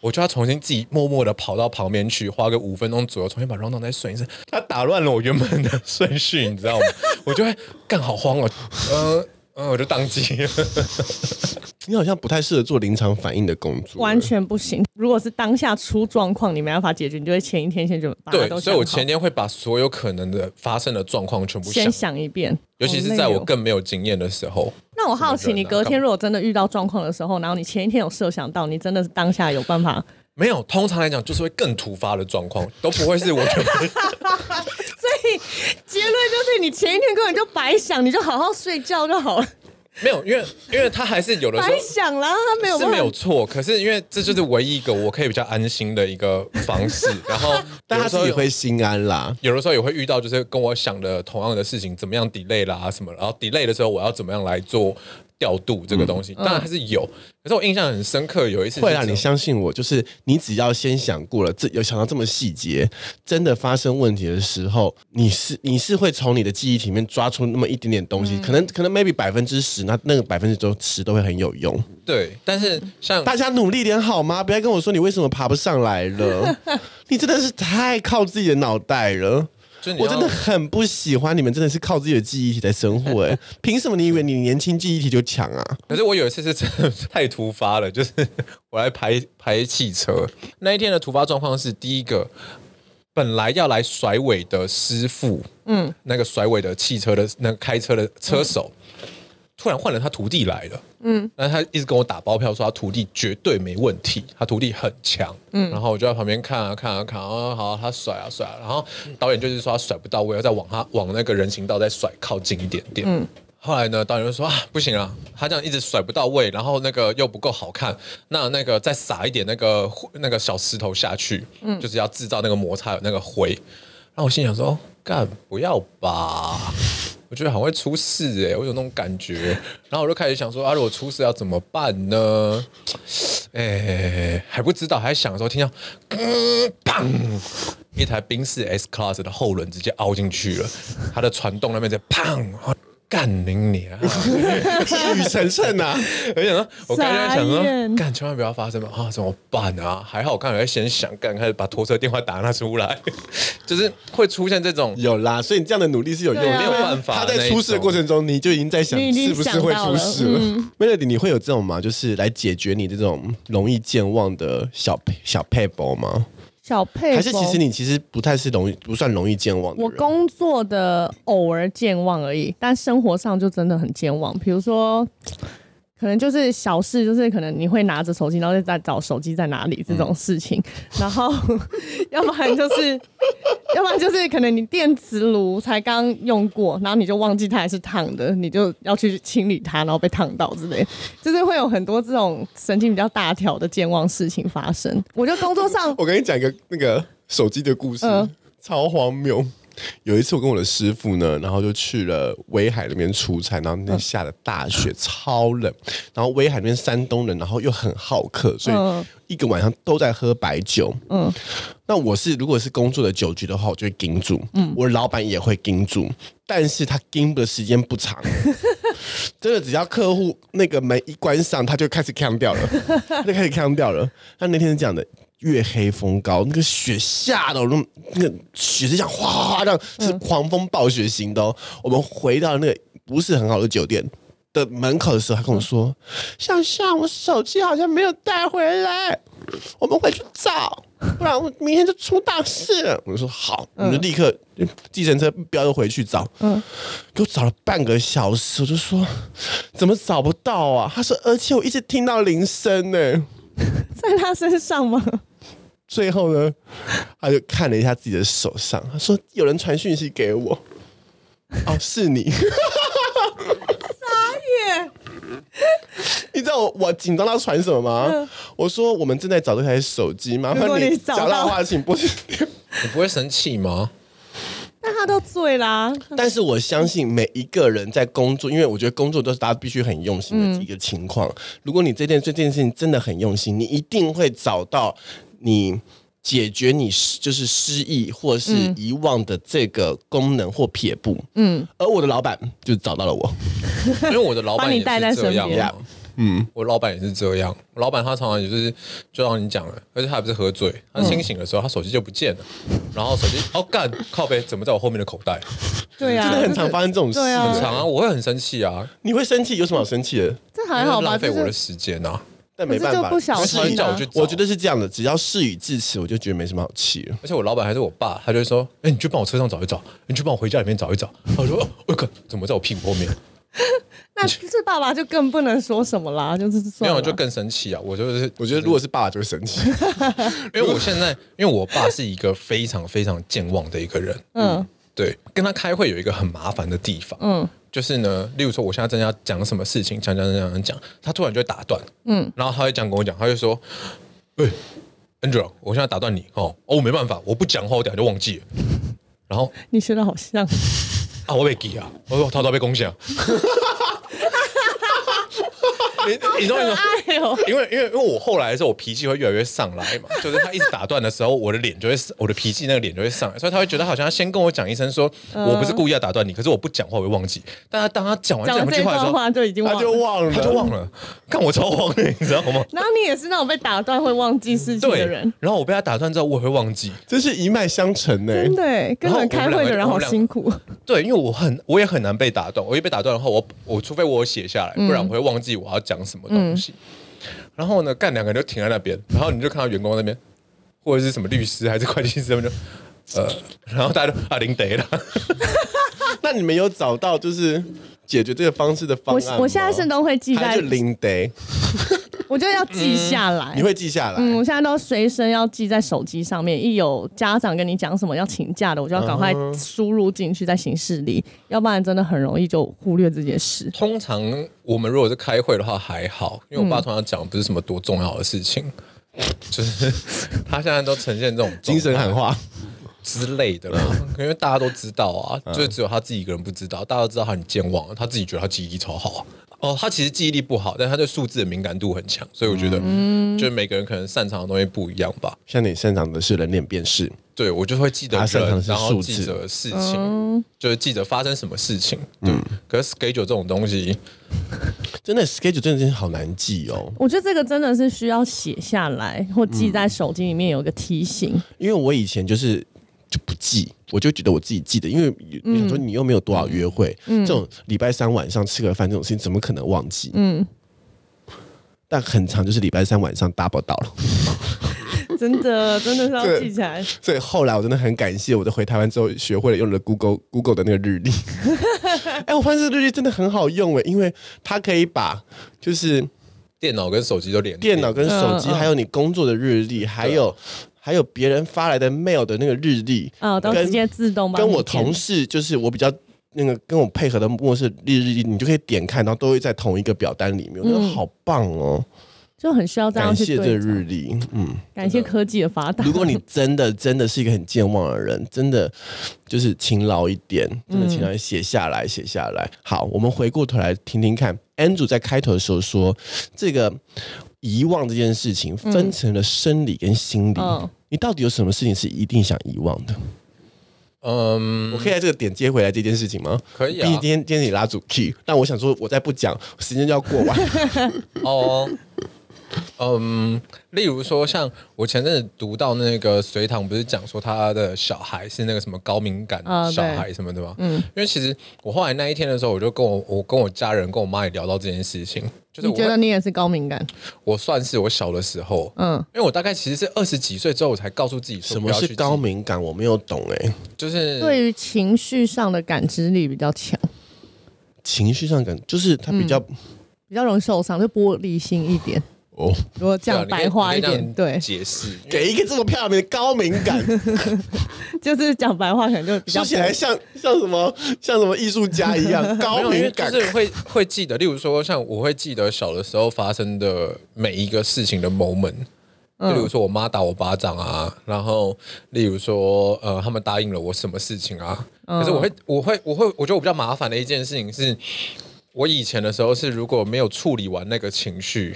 A: 我就要重新自己默默的跑到旁邊去，花個五分鐘左右，重新把 round 再順一次。他打亂了我原本的順序，你知道嗎？ *laughs* 我就會幹好慌哦。呃。 *laughs* 嗯，我就當機
C: 了。 *laughs* 你好像不太適合做臨場反應的工作，
B: 完全不行。如果是當下出狀況，你沒辦法解決，你就會前一天先就對。所以，我前
C: 天會把所有可能的
A: 發生的狀況全部想先想一
B: 遍，尤其是在我
A: 更沒有經驗的時候、哦
B: 啊。那我好奇，你隔天如果真的遇到狀況的時候，然後你前一天有設想到，你真的是當下有辦法？
A: 沒有，通常來講就是會更突發的狀況，都不會是我全部。 *laughs*
B: 結論就是，你前一天根本就白想，你就好好睡覺就好了。
A: 沒有，因為因為他還是有的時候
B: 想了，他沒有是沒有
A: 錯。可是因為這就是唯一一個我可以比較安心的一個方式。然後但，但是他會心安啦。有的時候也會遇到，就是跟我想的同樣的事情，怎麼樣 delay 啦什麼。然後 delay 的時候，我要怎麼樣來做調
C: 度這個東西？當、嗯、然
A: 還是有。可是我印象很深刻，有一次會啦，你相
C: 信我，就是你只要先想過了，這有想到這麼細節，真的發生問題的時候，你是你是會從你的記憶體裡面抓出那麼一點點東西，嗯、可能可能 maybe 百分之十。那那個百分之十都會很有用。對，但是像大家努力點好嗎？不要跟我說你為什麼爬不上來了。 *laughs* 你真的是太靠自己的腦袋了就你。我真的很不喜歡你們，真的是靠自己的記憶體在生活、欸。哎，憑什麼你以為你年輕記憶體就強啊？
A: 可是我有一次是真的太突發了，就是我來拍拍汽車那一天的突發狀況是：第一個，本來要來甩尾的師傅，嗯，那個甩尾的汽車的那個開車的車手。嗯突然換了他徒弟來了，嗯，但他一直跟我打包票說他徒弟絕對沒問題，他徒弟很強，嗯，然後我就在旁邊看啊看啊看啊，哦、好啊，他甩啊甩啊，然後導演就是說他甩不到位，要再往他往那個人行道再甩，靠近一點點，嗯，後來呢，導演就說啊，不行啊，他這樣一直甩不到位，然後那個又不夠好看，那那個再撒一點那個那個小石頭下去，嗯，就是要製造那個摩擦那個灰，然後我心想說、哦、幹不要吧。我覺得好像會出事，哎、欸，我有那種感覺，然後我就開始想說啊，如果出事要怎麼辦呢？哎、欸，還不知道，還在想的時候聽到、呃、砰，一台賓士 S, S Class 的後輪直接凹進去了，它的傳動那邊在砰、啊幹淋你，你啊，雨 *laughs* 晨晨吶，啊！而且說，我剛剛想說，幹千萬不要發生啊！怎麼辦啊？還好，我剛才先想幹，開始把拖車電話打他出來，就是會出現這種有啦。所以
C: 你這樣的努力是有用的，用沒有辦法？他在出事的過程中、啊，你就已經在想是不是會出事了、嗯？Melody，你會有這種嗎？就是來解決你這種容易健忘的小小撇步嗎？
B: 小佩，還是其實你
C: 其實不太是容易，不算容易健忘的，
B: 我工作的偶爾健忘而已，但生活上就真的很健忘，比如說。可能就是小事，就是可能你會拿着手機，然後在找手機在哪裡這種事情，嗯、然後要不然就是， *laughs* 要不然就是可能你電磁爐才剛用過，然後你就忘記它還是燙的，你就要去清理它，然後被燙到之類的，就是會有很多這種神經比較大條的健忘事情發生。
C: 我就工作上，我跟你講一個那個手機的故事，呃、超荒謬。有一次，我跟我的師傅呢，然後就去了威海那邊出差，然後那下了大雪，嗯，超冷。然後威海那邊山東人，然後又很好客，所以一個晚上都在喝白酒。嗯，那我是如果是工作的酒局的話，我就會盯住。嗯，我的老闆也會盯住，但是他盯的時間不長，真的只要客戶那個門一關上，他就開始嗆掉了，就開始嗆掉了。他那天是這樣的。月黑風高，那個雪下的，哦，那個雪是像嘩嘩嘩這樣，這是狂風暴雪型的，哦嗯。我們回到那個不是很好的酒店的門口的時候，他跟我說：“向，嗯，向，我手機好像沒有帶回來，我們回去找，不然我明天就出大事了。 *laughs* 我就說好”我說：“好，我們就立刻計，嗯，程車飆着回去找。”嗯，給我找了半個小時，我就說：“怎麼找不到啊？”他說：“而且我一直聽到鈴聲呢， *laughs* 在他身上嗎？”最後呢，他就看了一下自己的手上，他說：“有人傳訊息給我。”哦，是你， *laughs* 傻眼。你知道我我緊張到傳什麼嗎？呃、我說：“我們正在找這台手機，麻煩你找到的話，請不行。”你不會生氣嗎？
B: 但他都醉
C: 啦。但是我相信每一個人在工作，因為我覺得工作都是大家必須很用心的一個情況、嗯。如果你這件這件事情真的很用心，你一定會找到。你解決你失就是失憶或是遺忘的這個功能或撇步，嗯、嗯，而我的老闆就找到了我， *laughs* 因為我的老闆也是這樣，
B: 啊、嗯，
A: 我老闆也是這樣，老闆他常常就是就像你講的，而且他不是喝醉，他清醒的時候他手機就不見了，然後手機哦幹靠北怎麼在我後面的口袋 *laughs* ，
C: 對啊，真的很常發生這種事，很常啊，我會很生氣啊，你會生氣有什麼好生氣的，
B: 這還好吧，浪費我的
C: 時間啊。但沒辦法，不啊、我正這樣，我就我覺得是這樣的。只要事已
A: 至此，我就覺得沒什麼好氣了。而且我老板還是我爸，他就說：“哎、欸，你去幫我車上找一找、欸，你去幫我回家裡面找一找。我哦”我說：“我怎麼在我屁股後面？”
B: *laughs* 那不是爸爸就更不能說什麼啦，就是說，沒有我
A: 就更生氣啊！我覺、就、得、是，我覺得如果是爸爸就會生氣， *laughs* 因為我現在因為我爸是一個非常非常健忘的一個人，嗯。嗯對，跟他開會有一個很麻煩的地方，嗯，就是呢，例如說我現在正在講什麼事情，講講講講講，他突然就會打斷，嗯，然後他會這樣跟我講，他就說，喂、欸、Angela，我現在打斷你，哦，哦，我沒辦法，我不講話，我等下就忘記了，然後
B: 你覺得好像
A: 啊，我被記啊，我濤濤被攻下。頭頭 *laughs* 你你懂我意思嗎？因為因為因為我後來的時候，我脾氣會越來越上來嘛。就是他一直打斷的時候，我的臉就會我的脾氣那個臉就會上來，所以他會覺得好像他先跟我講一聲，說、呃、我不是故意要打斷你，可是我不講話我會忘記。但他當他講完幾句話的時候，他就忘了，他就忘了。看 *laughs* 我超慌、欸，你知道嗎？
B: 然後你也是那種被打斷會忘記事情的人。
A: 嗯、然後我被他打斷之後，我也會忘記，這是一脈相承誒、欸。對，
B: 跟我開會的人好辛苦。
A: 對，因為我很我也很難被打斷，我一被打斷的話，我我除非我寫下來、嗯，不然我會忘記我要講。講什麼東西，嗯、然後呢，干兩個人就停在那邊，然後你就看到員工那邊或者是什麼律師還是會計師，他們就呃，然後大家都啊林德了。
C: *laughs* *laughs* 那你們有找到就是解決這個方式的方案有沒有？我，我現在是都會記在林德。 *laughs*
B: 我覺得要記下來，嗯，你會記下來。嗯，我現在都隨身要記在手機上面，嗯，一有家長跟你講什麼要請假的，我就要趕快輸入進去在行事曆，嗯。要不然真的很容易就忽略這件事。通
A: 常我們如果是開會的話還好，因為我爸通常講不是什麼多重要的事情，嗯，就是他現在都呈現這種 *laughs* 精神喊話之類的了，因為大家都知道啊，嗯，就只有他自己一個人不知道，大家都知道他很健忘，他自己覺得他記憶力超好，啊。哦，他其實記憶力不好，但他對數字的敏感度很強，所以我覺得，就是每個人可能擅長的東西不一樣吧。像
C: 你擅長的是人臉辨識，
A: 對，我就會記得很然後記着事情、嗯，就是記得發生什麼事情。嗯，可是 schedule 這種東西， *laughs* 真的 schedule
C: 真的真的好難記哦。我覺
B: 得這個真的是需要寫下來，或記在手機裡面有一個提醒、
C: 嗯。因為我以前就是就不記。我就覺得我自己記得，因為你想說你又沒有多少約會，嗯嗯、這種禮拜三晚上吃個飯這種事情怎麼可能忘記？嗯。但很常就是禮拜三晚上大不到了。
B: *laughs* 真的真的是要記起來所。
C: 所以後來我真的很感謝，我在回台灣之後學會了用了 Google Google 的那個日曆。哎、 *laughs* 欸，我發現這個日曆真的很好用誒，因為它可以把就是電腦跟手機都連，連、嗯，電腦跟手機還有你工作的日曆還有。還有別人發來的 mail 的那個日曆，啊、
B: 哦，都直接自動幫我跟我同事，
C: 就是我比較那個跟我配合的同事日曆，你就可以點開，然後都會在同一個表單裡面，我覺得好棒哦，
B: 就很需要，要感謝這
C: 日曆，嗯，感
B: 謝科技的發
C: 達，嗯。如果你真的真的是一個很健忘的人，真的就是勤勞一點，真的勤勞一點、嗯、寫下來，寫下來。好，我們回過頭來聽聽看，Andrew 在開頭的時候說這個。遺忘這件事情分成了生理跟心理、嗯哦，你到底有什麼事情是一定想遺忘的？嗯，我可以在這個點接回來這件事情嗎？可以、啊。畢竟今天，今天你拉住 key，但我想說，我再不講，時間就要過完了哦。 *laughs* *laughs* oh. 嗯，例如說，像我前陣子讀
A: 到那個隋棠，不是講說他的小孩是那個什麼高敏感小孩什麼的嗎？啊、嗯，因為其實我後來那一天的時候，我就跟我我跟我家人跟我媽也聊到這件事情，
B: 就是我覺得你也是高敏感？
A: 我算
C: 是我小的時候，嗯，
A: 因為我大概其實是二十幾歲
C: 之後，我才告訴自己什麼是高敏感，我沒有懂哎、欸，就是
B: 對於情緒上的感知力比較強，
C: 情緒上感就是他比較、嗯、
B: 比較容易受傷，就玻璃心一點。
C: 我、oh, 講白話一點，對，解釋給一個這麼漂亮的高敏感， *laughs* 就是講白話可能就會比較說起來像像什麼像什麼藝術家一樣 *laughs* 高敏感，就是會
A: 會記得，例如說像我會記得小的時候發生的每一個事情的 moment，就例如說我媽打我巴掌啊，然後例如說呃他們答應了我什麼事情啊，可是我會 *laughs* 我會我會我覺得我比較麻煩的一件事情是，我以前的時候是如果沒有處理完那個情緒。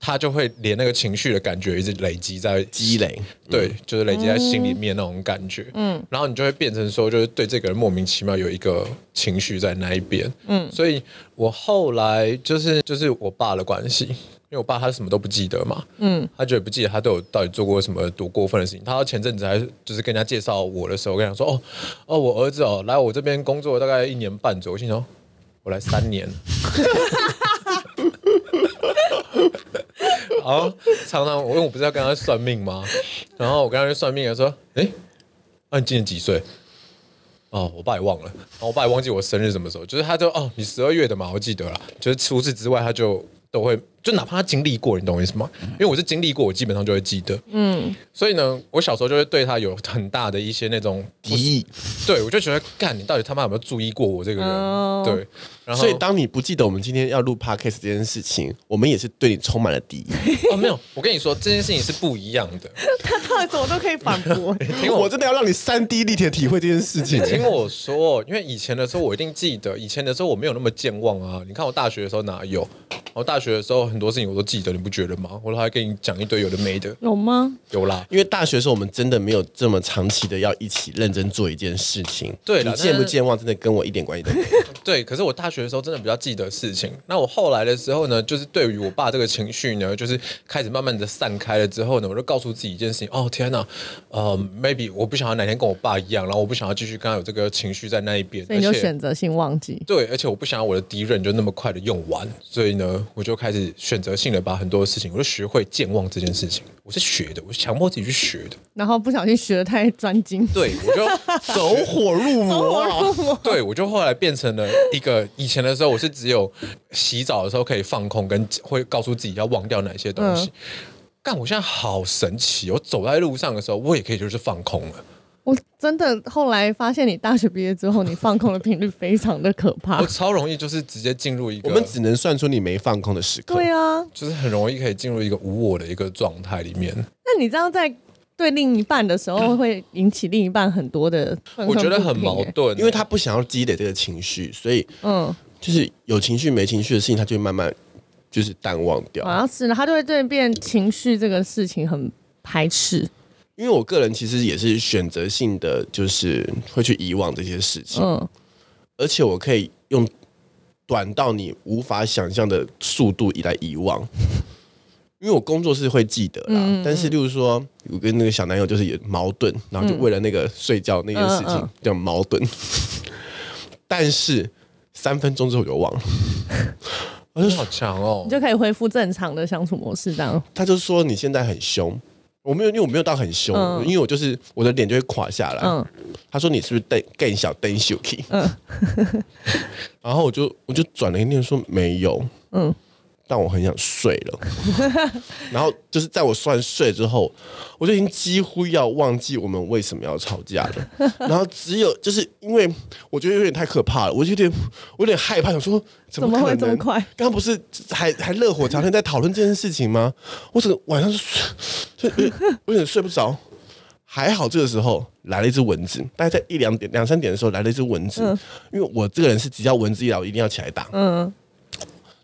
A: 他就會連那個情緒的感覺一直累積在積累，對，嗯、就是累積在心裡面那種感覺。嗯，嗯然後你就會變成說，就是對這個人莫名其妙有一個情緒在那一邊。嗯，所以我後來就是就是我爸的關係，因為我爸他什麼都不記得嘛。嗯，他覺得不記得他對我到底做過什麼多過分的事情。他前陣子還就是跟人家介紹我的時候，我跟他說：“哦哦，我兒子哦來我這邊工作大概一年半左右。”我心想：“我來三年。 *laughs* ” *laughs* 好，常常我因為我不是要跟他算命嗎？然後我跟他算命，他說：“哎、欸，那、啊、你今年幾歲？”哦，我爸也忘了、啊，我爸也忘記我生日什麼時候。就是他就哦，你十二月的嘛，我記得了。就是除此之外，他就都會。就哪怕他經歷過，你懂我意思嗎？因為我是經歷過，我基本上就會記得。嗯，所以呢，我小時候就會對他有很大的一些那種敵意。對，我就覺得，幹你到底他媽有
C: 沒有注意過我這個人？哦、對，所以當你不記得我們今天要錄 Podcast 這件事情，我們也是對你充滿了敵意。哦，沒有，我跟你說，這件事情是不一樣的。
A: *laughs* 他到底
C: 怎麼都可以反駁？ *laughs* 聽我， *laughs* 我真的要讓你三 D 立體的體會這件事情。 *laughs* 聽我
A: 說，因為以前的時候我一定記得，以前的時候我沒有那麼健忘啊。你看我大學的時候哪有？我大學
C: 的時候。很多事情我都記得，你不覺得嗎？我都還跟你講一堆有的沒的，有嗎？有啦，因為大學的時候我們真的沒有這麼長期的要一起認真做一件事情。對，你健不健忘真的跟我一點關係都沒有。
A: 對，可是我大學的時候真的比較記得事情。 *laughs* 那我後來的時候呢，就是對於我爸這個情緒呢，就是開始慢慢的散開了之後呢，我就告訴自己一件事情：哦，天哪、啊，呃，maybe 我不想要哪天跟我爸一樣，然後我不想要繼續剛剛有這個情緒在那一邊。所以你就選
B: 擇性忘記。
A: 對，而且我不想要我的敵人就那麼快的用完，所以呢，我就開始。選擇性的把很多事情，我就學會健忘這件事情，我是學的，我是強迫自己去學的。
B: 然後不小心學得太專精，對我就走火入魔， *laughs* 走火入魔。
A: 對，我就後來變成了一個以前的時候，我是只有洗澡的時候可以放空，跟會告訴自己要忘掉哪些東西。嗯。但我現在好神奇，我走在路上的時候，我也可以就是放空了。
B: 真的，後來發現你大學畢業之後，你放空的頻率非常的可怕。
A: 我超容易就是直接進入一個，我們只能算出你沒放空的時刻。
B: 對啊，
A: 就是很容易可以進入一個無我的一個狀態裡面。
B: 那你這樣在對另一半的時候、嗯，會引起另一半很多的、欸，我覺得很矛
C: 盾、欸，因為他不想要積累這個情緒，所以嗯，就是有情緒沒情緒的事情，他就會慢慢就是淡忘掉。好、
B: 啊、像是、啊，他就會對變情緒這個事情很排斥。
C: 因為我個人其實也是選擇性的，就是會去遺忘這些事情、哦，而且我可以用短到你無法想象的速度以來遺忘、嗯。因為我工作是會記得啦，嗯、但是就是說，我跟那個小男友就是也矛盾，嗯、然後就為了那個睡覺那件事情，叫、嗯嗯、矛盾。嗯、但是三分鐘之後就忘了， *laughs* 我就、嗯、好強哦，你就可
B: 以恢復正常的相處模式。這樣，
C: 他就說你現在很凶。我沒有，因為我沒有到很凶。嗯，因為我就是我的臉就會垮下來。嗯，他說：“你是不是更小、更小氣？”嗯， *laughs* 然後我就我就轉了一念說：“沒有。”嗯。但我很想睡了， *laughs* 然後就是在我算睡之後，我就已經幾乎要忘記我們為什麼要吵架了。 *laughs* 然後只有就是因為我覺得有點太可怕了，我覺得我有點害怕，想說怎麼,可能怎麼會這麼快？剛剛不是還還熱火朝天在討論這件事情嗎？我整個晚上就睡就有我有點睡不着。還好這個時候來了一只蚊子，大概在一兩點、兩三點的時候來了一只蚊子。嗯、因為我這個人是只要蚊子一來，我一定要起來打、嗯。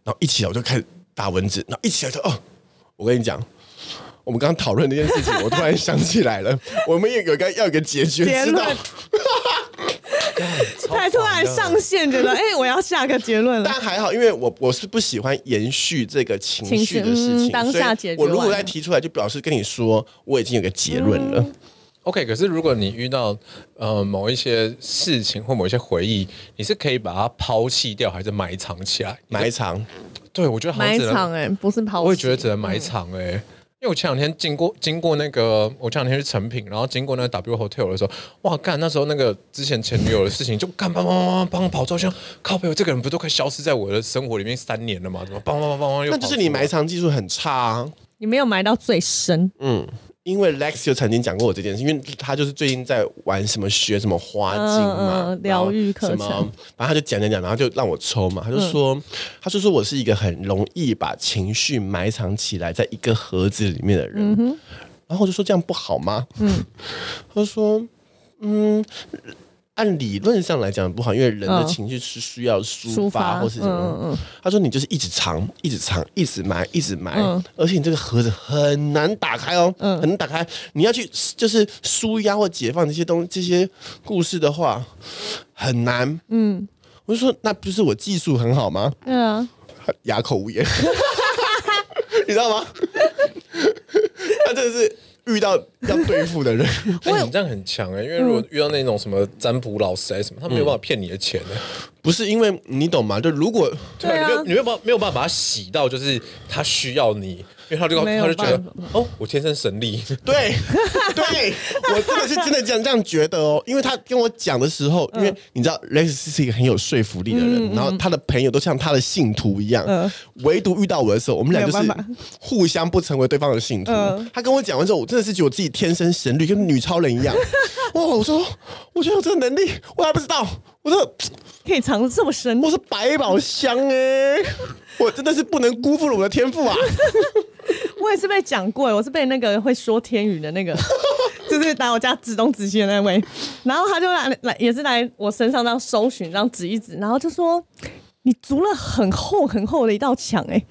C: 然後一起來我就開始。打蚊子，那一起來說哦！我跟你講，我們剛剛討論那件事情， *laughs* 我突然想起來了，我們也有該要有個結局是 *laughs* *coughs* 的
B: 才突然上線，覺得哎、欸，我
C: 要下個結論了。但還好，因為我我是不喜歡延續這個情緒的事情，情嗯、當下結我如果再提出來，就表示跟你說我已經有個結論
A: 了。嗯 OK，可是如果你遇到呃某一些事情或某一些回憶，你是可以把它拋棄掉，還是埋藏起來？埋藏，對我覺得好像埋藏哎、欸，不是拋我也覺得只能埋藏哎、欸嗯。因為我前兩天經過經過那個，我前兩天去誠品，然後經過那個 W Hotel 的時候，哇，幹！那時候那個之前前女友的事情，就幹 bang bang b 跑出去，靠朋友，這個人不都快消失在我的生活裡面三年了嗎？怎麼 bang b 那就是你埋
C: 藏技術很差，
B: 你沒有埋到最深，嗯。因為 Lex
C: 就曾經講過我這件事，因為他就是最近在玩什麼學什麼花精嘛，嗯嗯什麼
B: 療癒課程，然
C: 後他就講講講，然後就讓我抽嘛，他就說、嗯，他就說我是一個很容易把情緒埋藏起來在一個盒子裡面的人，嗯、然後我就說這樣不好嗎？嗯、他就說，嗯。按理論上來講不好，因為人的情緒是需要抒發或是什麼、嗯嗯嗯。他說你就是一直藏，一直藏，一直埋，一直埋、嗯，而且你這個盒子很難打開哦，嗯、很難打開。你要去就是舒壓或解放這些東西，這些故事的話，很難。嗯，我就說那不是我技術很好嗎？嗯啞口無言， *laughs* *laughs* 你知道嗎？ *laughs* 他真的是。遇到要對付的
A: 人 *laughs* 唉， *laughs* 你這樣很強哎、欸！因為如果遇到那種什麼占卜老師還是什麼，他沒有辦法騙你的錢、啊。嗯、 *laughs* 不是因為，你懂嗎？就如果對吧對、啊、你沒有，你沒有辦法沒有辦法把他洗到，就是
C: 他需要你。因為他就，他就覺得，
A: 哦，我天生神力。
C: 對，對， *laughs* 我真的是真的這樣這樣覺得哦。因為他跟我講的時候，因為你知道，雷克斯是一個很有說服力的人、嗯嗯，然後他的朋友都像他的信徒一樣、嗯，唯獨遇到我的時候，我們倆就是互相不成為對方的信徒。他跟我講完之後，我真的是覺得我自己天生神力，跟女超人一樣。哇、哦，我說，我居然有這個能力，我還不知道。我說：“可以藏得這麼深，我是百寶箱哎、欸！ *laughs* 我真的是不能辜負了我的天賦啊！
B: *laughs* 我也是被講過、欸，我是被那個會說天語的那個， *laughs* 就是來我家指東指西的那位，然後他就來來也是來我身上這樣搜尋，然後指一指，然後就說：你築了很厚很厚的一道牆哎、欸！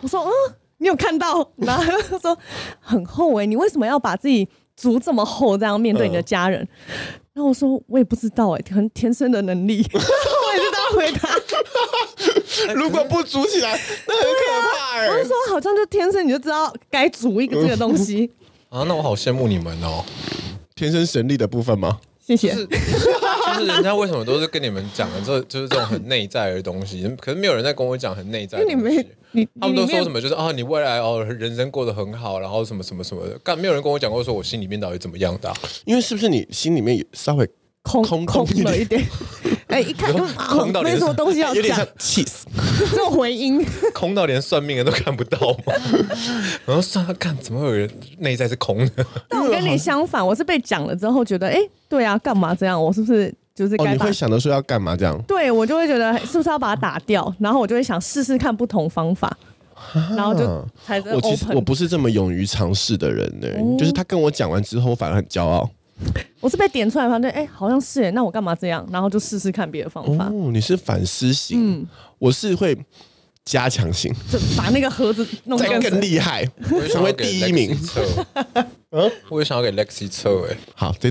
B: 我說：嗯，你有看到？然後他說：很厚哎、欸！你為什麼要把自己築這麼厚，這樣面對你的家人？”嗯那我說我也不知道哎、欸，很天生的能力， *laughs* *laughs* 我也
C: 知道樣回答。 *laughs* *laughs* 如果不煮起來，那很可怕
B: 哎、欸啊。 *laughs* 我就說好像就天生你就知道該煮一個這個東西
A: *laughs* 啊，那我好羨慕你們哦，
C: 天生神力的部分嗎？
A: 就是就是，就是、人家為什麼都是跟你們講的這，就是這種很內在的東西，可是沒有人在跟我講很內在的東西。他們都說什麼？就是啊、哦，你未來哦，人生過得很好，然後什麼什麼什麼的，但沒有人跟我講過說我心裡面到底
C: 怎麼樣的啊。因為是不是你心裡面也稍微空空空、空了一點？ *laughs* 哎、欸，一看有沒有空到連沒什麼東
B: 西要講、欸，有點像起司，這 *laughs* 種
C: 回音，空到連算命的都
A: 看不到嗎？ *laughs* 然後算了，看怎麼會有人內在是空的。
B: 但我跟你相反，我是被講了之後覺得，哎、欸，對啊，幹嘛這樣？我是不是就是、哦？你會
C: 想着說要幹嘛這樣？
B: 對，我就會覺得是不是要把它打掉？然後我就會想試試看不同方法，然後就、啊、我其實我不
C: 是這麼勇於嘗試的人的、欸哦，就是他跟我講完之後，我反而很驕傲。
B: 我是被點出來的，反正，哎，好像是哎，那我幹嘛這樣？然後就試試看別的方
C: 法。哦，你是反思型，嗯，我是會加強型，
B: 就把那個盒子弄得更厲害， *laughs* 成為
C: 第一名。Okay, 嗯，我也想要給 Lexi 抽哎，欸，好，這，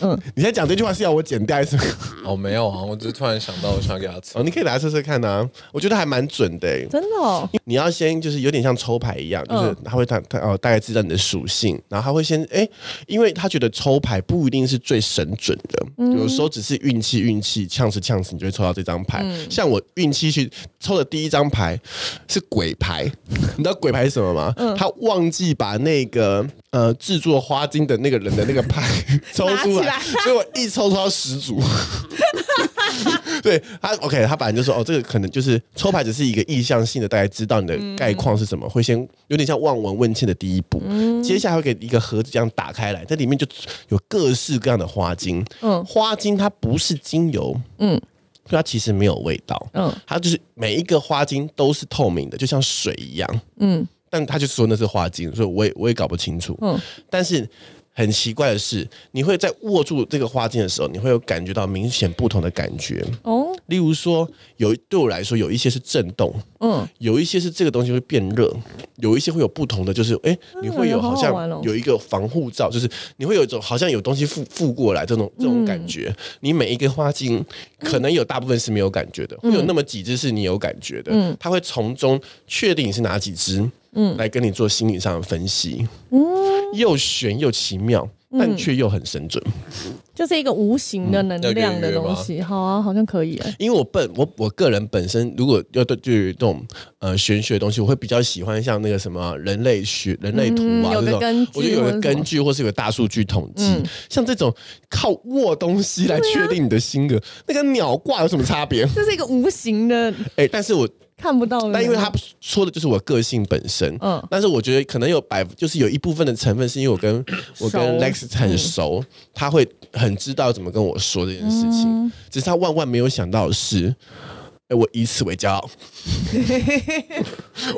C: 嗯，你現在講這句話是要我剪掉還是？哦，沒
A: 有啊，我只是突然想到，我想要給
C: 他抽。哦，你可以拿來試試看啊，我覺得還蠻準的，欸。真的？哦，你要先就是有點像抽牌一樣，就是他會他他，嗯，哦，大概知道你的屬性，然後他會先哎，欸，因為他覺得抽牌不一定是最神準的，有時候只是運氣運氣，嗆死，嗆死，嗆聲，嗆聲你就會抽到這張牌，嗯。像我運氣去抽的第一張牌是鬼牌， *laughs* 你知道鬼牌是什麼嗎？嗯，他忘記把那個呃。製作花精的那個人的那個牌 *laughs* 抽出來，所以我一抽抽到十組 *laughs* 對。對他，OK，他本來就說，哦，這個可能就是抽牌只是一個意向性的，大概知道你的概況是什麼、嗯，會先有點像望聞問切的第一步、嗯。接下來會給一個盒子這樣打開來，這裡面就有各式各樣的花精。嗯，花精它不是精油。嗯，它其實沒有味道。嗯，它就是每一個花精都是透明的，就像水一樣。嗯。但他就說那是花精，所以我也我也搞不清楚。嗯，但是很奇怪的是，你會在握住這個花精的時候，你會有感覺到明顯不同的感覺哦。例如說，有對我來說有一些是震動，嗯，有一些是這個東西會變熱，有一些會有不同的，就是誒、欸，你會有好像有一個防護罩、哎喲，好好玩哦，就是你會有一種好像有東西附附過來這種這種感覺、嗯。你每一個花精可能有大部分是沒有感覺的，嗯、會有那麼幾隻是你有感覺的，嗯，它會從中確定你是哪幾隻。嗯，來跟你做心理上的分析，嗯，又玄又奇妙，嗯、但卻又很神準，
B: 就是一個無形的能量的東西，嗯、約約好啊，好像可以、
C: 欸。因為我笨，我我個人本身如果要對就是這種呃玄學，學的東西，我會比較喜歡像那個什麼人類學、人類圖啊、嗯、這種，有個根據我就有個根據或是有個大數據統計、嗯，像這種靠握東西來確定你的性格，啊、那跟鳥卦有什麼差別？這
B: 是一個無形的，
C: 哎、欸，但是我。
B: 看不到，但因為他
C: 說的就是我個性本身。嗯，但是我覺得可能有百，就是有一部分的成分是因為我跟我跟 Lex 很熟，他會很知道怎麼跟我說這件事情。嗯、只是他萬萬沒有想到的是，哎，我以此為驕傲， *laughs*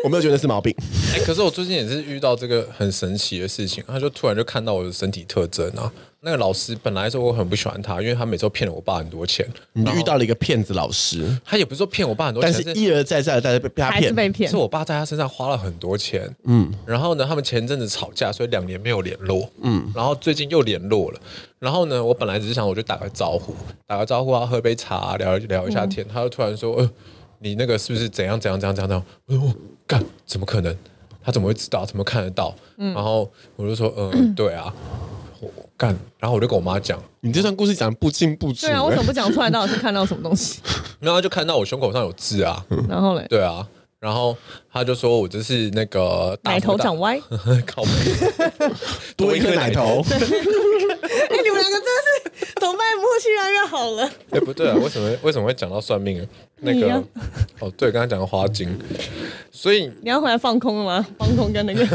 C: 我沒有覺得是毛病。
A: 哎、欸，可是我最近也是遇到這個很神奇的事情，他就突然就看到我的身體特徵啊。那個老師本來說，我很不喜歡他，因為他每周騙了我爸，我爸很多錢。你遇到了一個騙
C: 子老師，
A: 他也不是說騙我爸很多錢，但是一
C: 而再再而再被騙，是被騙。是我
A: 爸在他身上花了很多錢。嗯，然後呢，他們前陣子吵架，所以兩年沒有聯絡。嗯，然後最近又聯絡了。然後呢，我本來只是想，我就打個招呼，打個招呼、啊，喝杯茶、啊，聊聊一下天、嗯。他就突然說：“呃，你那個是不是怎樣怎樣怎樣怎樣，怎樣？”我幹、哦，怎麼可能？他怎麼會知道？怎麼看得到？嗯，然後我就說：“嗯，欸、對啊。嗯”幹，然後我就跟我媽講，你這段故事講得不清不楚，欸。對啊，我怎麼不講出來？
B: 到底是看到什麼東西？
A: *laughs* 然後就看到我胸口上有字啊。然後嘞？對啊。然後他就說，我就是那個打打奶頭長歪，呵呵靠，多一個奶頭
B: *laughs* 哎、 *laughs* 欸，你們兩個真的是同伴默契越來越好了。
A: 哎、欸，不對啊，為什麼為什麼會講到算命、啊？那個哦，對，剛才講到花精，所以
B: 你要回來放空了嗎？放空跟那個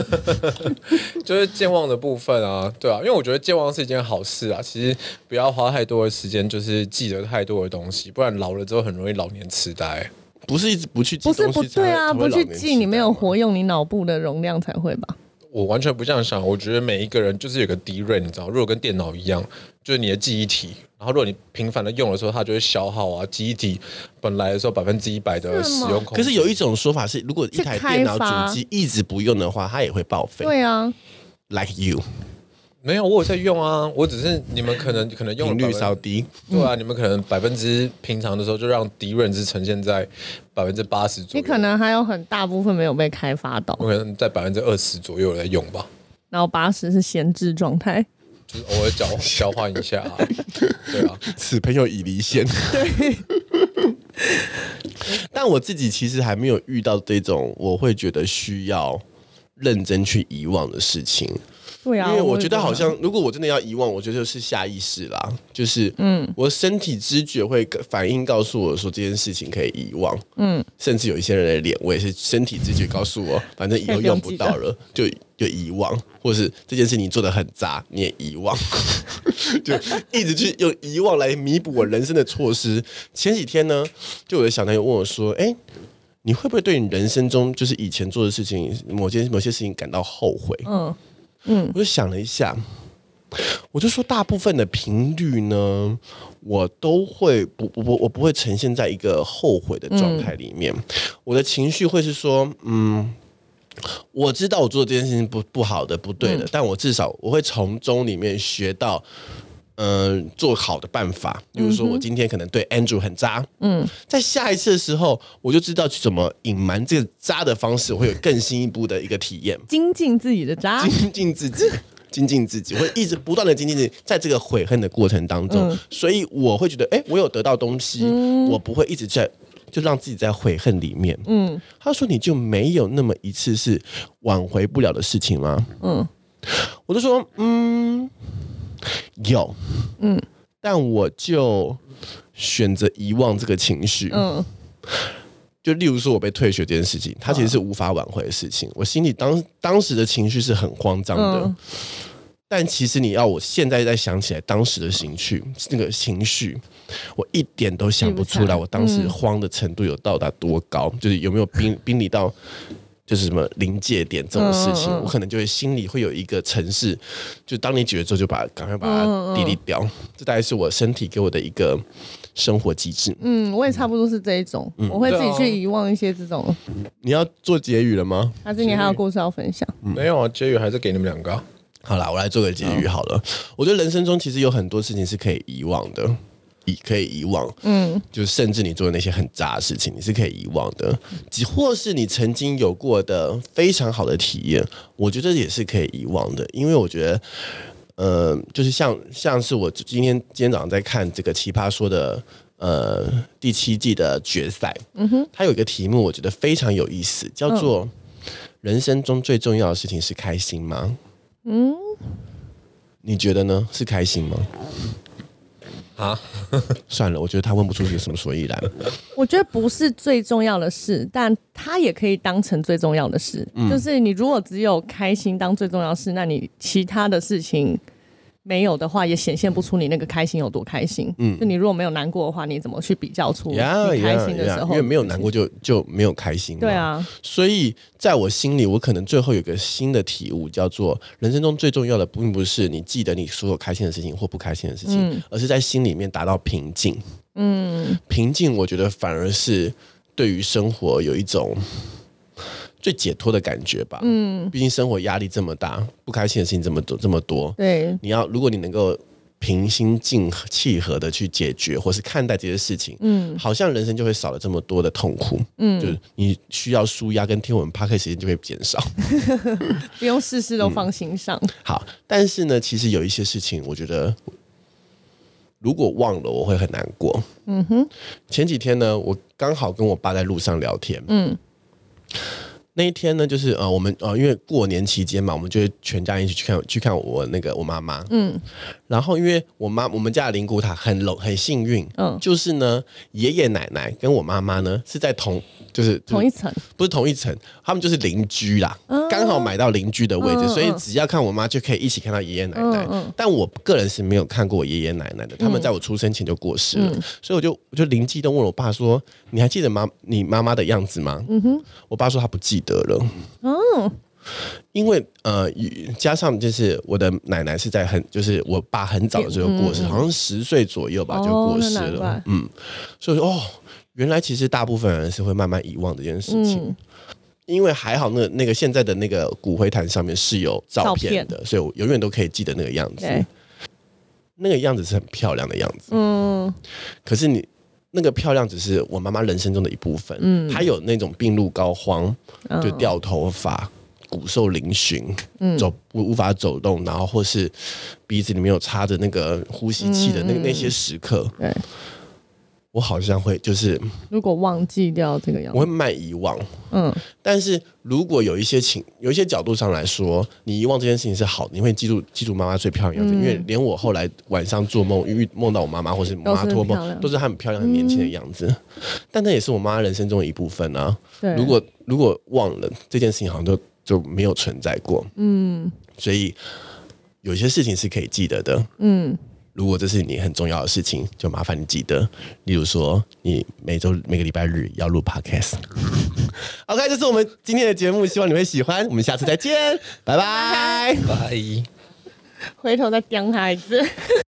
A: *laughs* 就是健忘的部分啊，對啊，因為我覺得健忘是一件好事啊。其實不要花太多的時間，就是記得太多的東西，不然老了之後很容易老年痴呆。不是一直不去記，不是，不對啊，不去記
B: 你沒有活用你腦部的容量才會吧？
A: 我完全不這樣想，我覺得每一個人就是有個 DRAM，你知道，如果跟電腦一樣，就是你的記憶體，然後如果你頻繁的用的時候，它就會消耗啊，記憶
C: 體本來的時候百分之一百的使用。可是有一種說法是，如果一台電腦主機一直不用的話，它也會報廢。對啊，Like you。沒有，我有在用
A: 啊，我只是你們可能可能用率稍低，對啊，你們可能百分之平常的時候就讓敵人是呈現在百分之八十左右，
B: 你可能還有很大部分沒有被開發
A: 到，我可能在百分之二十左右來用吧，
B: 然後八十是閒置狀態，就
A: 是偶爾交換交換一下啊，對
C: 啊， *laughs* 此朋友已離線，對， *laughs* 但我自己其實還沒有遇到這種我會覺得需要認真去遺忘的事情。啊、因為我覺得好像、啊，如果我真的要遺忘，我覺得就是下意識啦，就是嗯，我身體知覺會反應告訴我說這件事情可以遺忘，嗯，甚至有一些人的臉，我也是身體知覺告訴我，反正以後用不到了，就就遺忘，或是這件事情做得很渣，你也遺忘， *laughs* 就一直去用遺忘來彌補我人生的措施。前幾天呢，就我的小男友問我說：“哎，你會不會對你人生中就是以前做的事情，某件某些事情感到後悔？”嗯。嗯，我就想了一下，我就說，大部分的頻率呢，我都會不我不不我不會呈現在一個後悔的狀態裡面。嗯，我的情緒會是說，嗯，我知道我做這件事情不不好的、不對的，嗯，但我至少我會從中裡面學到。嗯、呃，做好的辦法，比如說我今天可能對 Andrew 很渣，嗯，在下一次的時候，我就知道去怎麼隱瞞這個渣的方式，我會有更新一步的一個體驗，
B: 精進自己的渣，精進自己，
C: 精進自己，我會一直不斷的精進自己，在這個悔恨的過程當中，嗯、所以我會覺得，哎、欸，我有得到東西，嗯、我不會一直在就讓自己在悔恨裡面。嗯，他說，你就沒有那麼一次是挽回不了的事情嗎？嗯，我就說，嗯。有，嗯，但我就選擇遺忘這個情緒，
B: 嗯，
C: 就例如說，我被退學這件事情，嗯，它其實是無法挽回的事情。我心裡當當時的情緒是很慌張的，嗯，但其實你要我現在再想起來，當時的情緒，嗯，那個情緒，我一點都想不出來，我當時慌的程度有到達多高，嗯，就是有沒有瀕瀕臨到。就是什麼臨界點這種事情，嗯嗯，我可能就會心裡會有一個城市。嗯嗯，就當你解決之後就把趕快把它丟掉。嗯嗯，這大概是我身體給我的一個生活機制。嗯，
B: 我也差不多是這一種，嗯、我會自己去遺忘一些這種、對啊。
C: 你要做結語了嗎？
B: 還是你還有故事要分享？
C: 沒有啊，結語還是給你們兩個。好啦，我來做個結語好了、哦。我覺得人生中其實有很多事情是可以遺忘的。以可以遺忘，嗯，就是甚至你做的那些很渣的事情，你是可以遺忘的，即或是你曾經有過的非常好的體驗，我覺得也是可以遺忘的。因為我覺得，呃，就是像像是我今天今天早上在看這個《奇葩說》的呃第七季的決賽，嗯哼，它有一個題目，我覺得非常有意思，叫做、嗯“人生中最重要的事情是開心嗎？”嗯，你覺得呢？是開心嗎？啊， *laughs* 算了，我覺得他問不出一些什麼所以然。
B: 我覺得不是最重要的事，但他也可以當成最重要的事。嗯，就是你如果只有開心當最重要的事，那你其他的事情。沒有的話，也顯現不出你那個開心有多開心。嗯，就你如果沒有難過的話，你怎麼去比較出開心的時候？Yeah, yeah, yeah, 因為沒
C: 有難過就就沒有開心。對啊，所以在我心裡，我可能最後有個新的體悟，叫做人生中最重要的，並不是你記得你所有開心的事情或不開心的事情，嗯，而是在心裡面達到平靜。
B: 嗯，
C: 平靜，我覺得反而是對於生活有一種。最解脫的感覺吧。嗯，畢竟生活壓力這麼大，不開心的事情這麼多這麼多，對，你要如果你能夠平心靜氣和的去解決，或是看待這些事情，嗯，好像人生就會少了這麼多的痛苦。嗯，就是你需要舒壓跟聽我們趴 K 時間就會減少，嗯、
B: *laughs* *laughs* 不用事事都放心上，
C: 嗯。好，但是呢，其實有一些事情，我覺得如果忘了，我會很難過。嗯哼，前幾天呢，我剛好跟我爸在路上聊天，
B: 嗯。
C: 那一天呢，就是呃，我們呃，因為過年期間嘛，我們就是全家一起去看去看我，我那個我媽媽。嗯，然後因為我媽我們家的靈骨塔很冷，很幸運，嗯、哦，就是呢，爺爺奶奶跟我媽媽呢是在同就是、就是、同一層，不是同一層，他們就是鄰居啦、哦，剛好買到鄰居的位置、哦，所以只要看我媽就可以一起看到爺爺奶奶。哦、但我個人是沒有看過爺爺奶奶的，嗯、他們在我出生前就過世了，嗯、所以我就我就靈機一動問我爸說：“你還記得媽你媽媽的樣子嗎？”嗯
B: 哼，
C: 我爸說他不記得。得了，因為呃，加上就是我的奶奶是在很，就是我爸很早的時候過世，好像十歲左右吧就過世了，哦、嗯，所以說哦，原來其實大部分人是會慢慢遺忘這件事情、嗯，因為還好那那個現在的那個骨灰壇上面是有照片的，片所以我永遠都可以記得那個樣子，那個樣子是很漂亮的樣子，嗯，可是你。那個漂亮只是我媽媽人生中的一部分，嗯，她有那種病入膏肓，Oh. 就掉頭髮、骨瘦嶙峋，嗯，走無法走動，然後或是鼻子裡面有插着那個呼吸器的那個、嗯嗯那些時刻，對、Okay.。我好像會就是，
B: 如果忘記掉這個樣子，我會
C: 慢遺忘。嗯，但是如果有一些情，有一些角度上來說，你遺忘這件事情是好的，你會記住記住媽媽最漂亮的樣子。嗯。因為連我後來晚上做夢，因為夢到我媽媽或是媽托夢，都是很，都是她很漂亮、很年輕的樣子。嗯。但那也是我媽媽人生中的一部分啊。對，如果如果忘了這件事情，好像就就沒有存在過。
B: 嗯，
C: 所以有些事情是可以記得的。嗯。如果這是你很重要的事情，就麻煩你記得。例如說，你每周每個禮拜日要錄 Podcast。 *laughs* OK，這是我們今天的節目，希望你會喜歡。我們下次再見，拜 *laughs* 拜，拜。
B: 回頭再講他一次。 *laughs*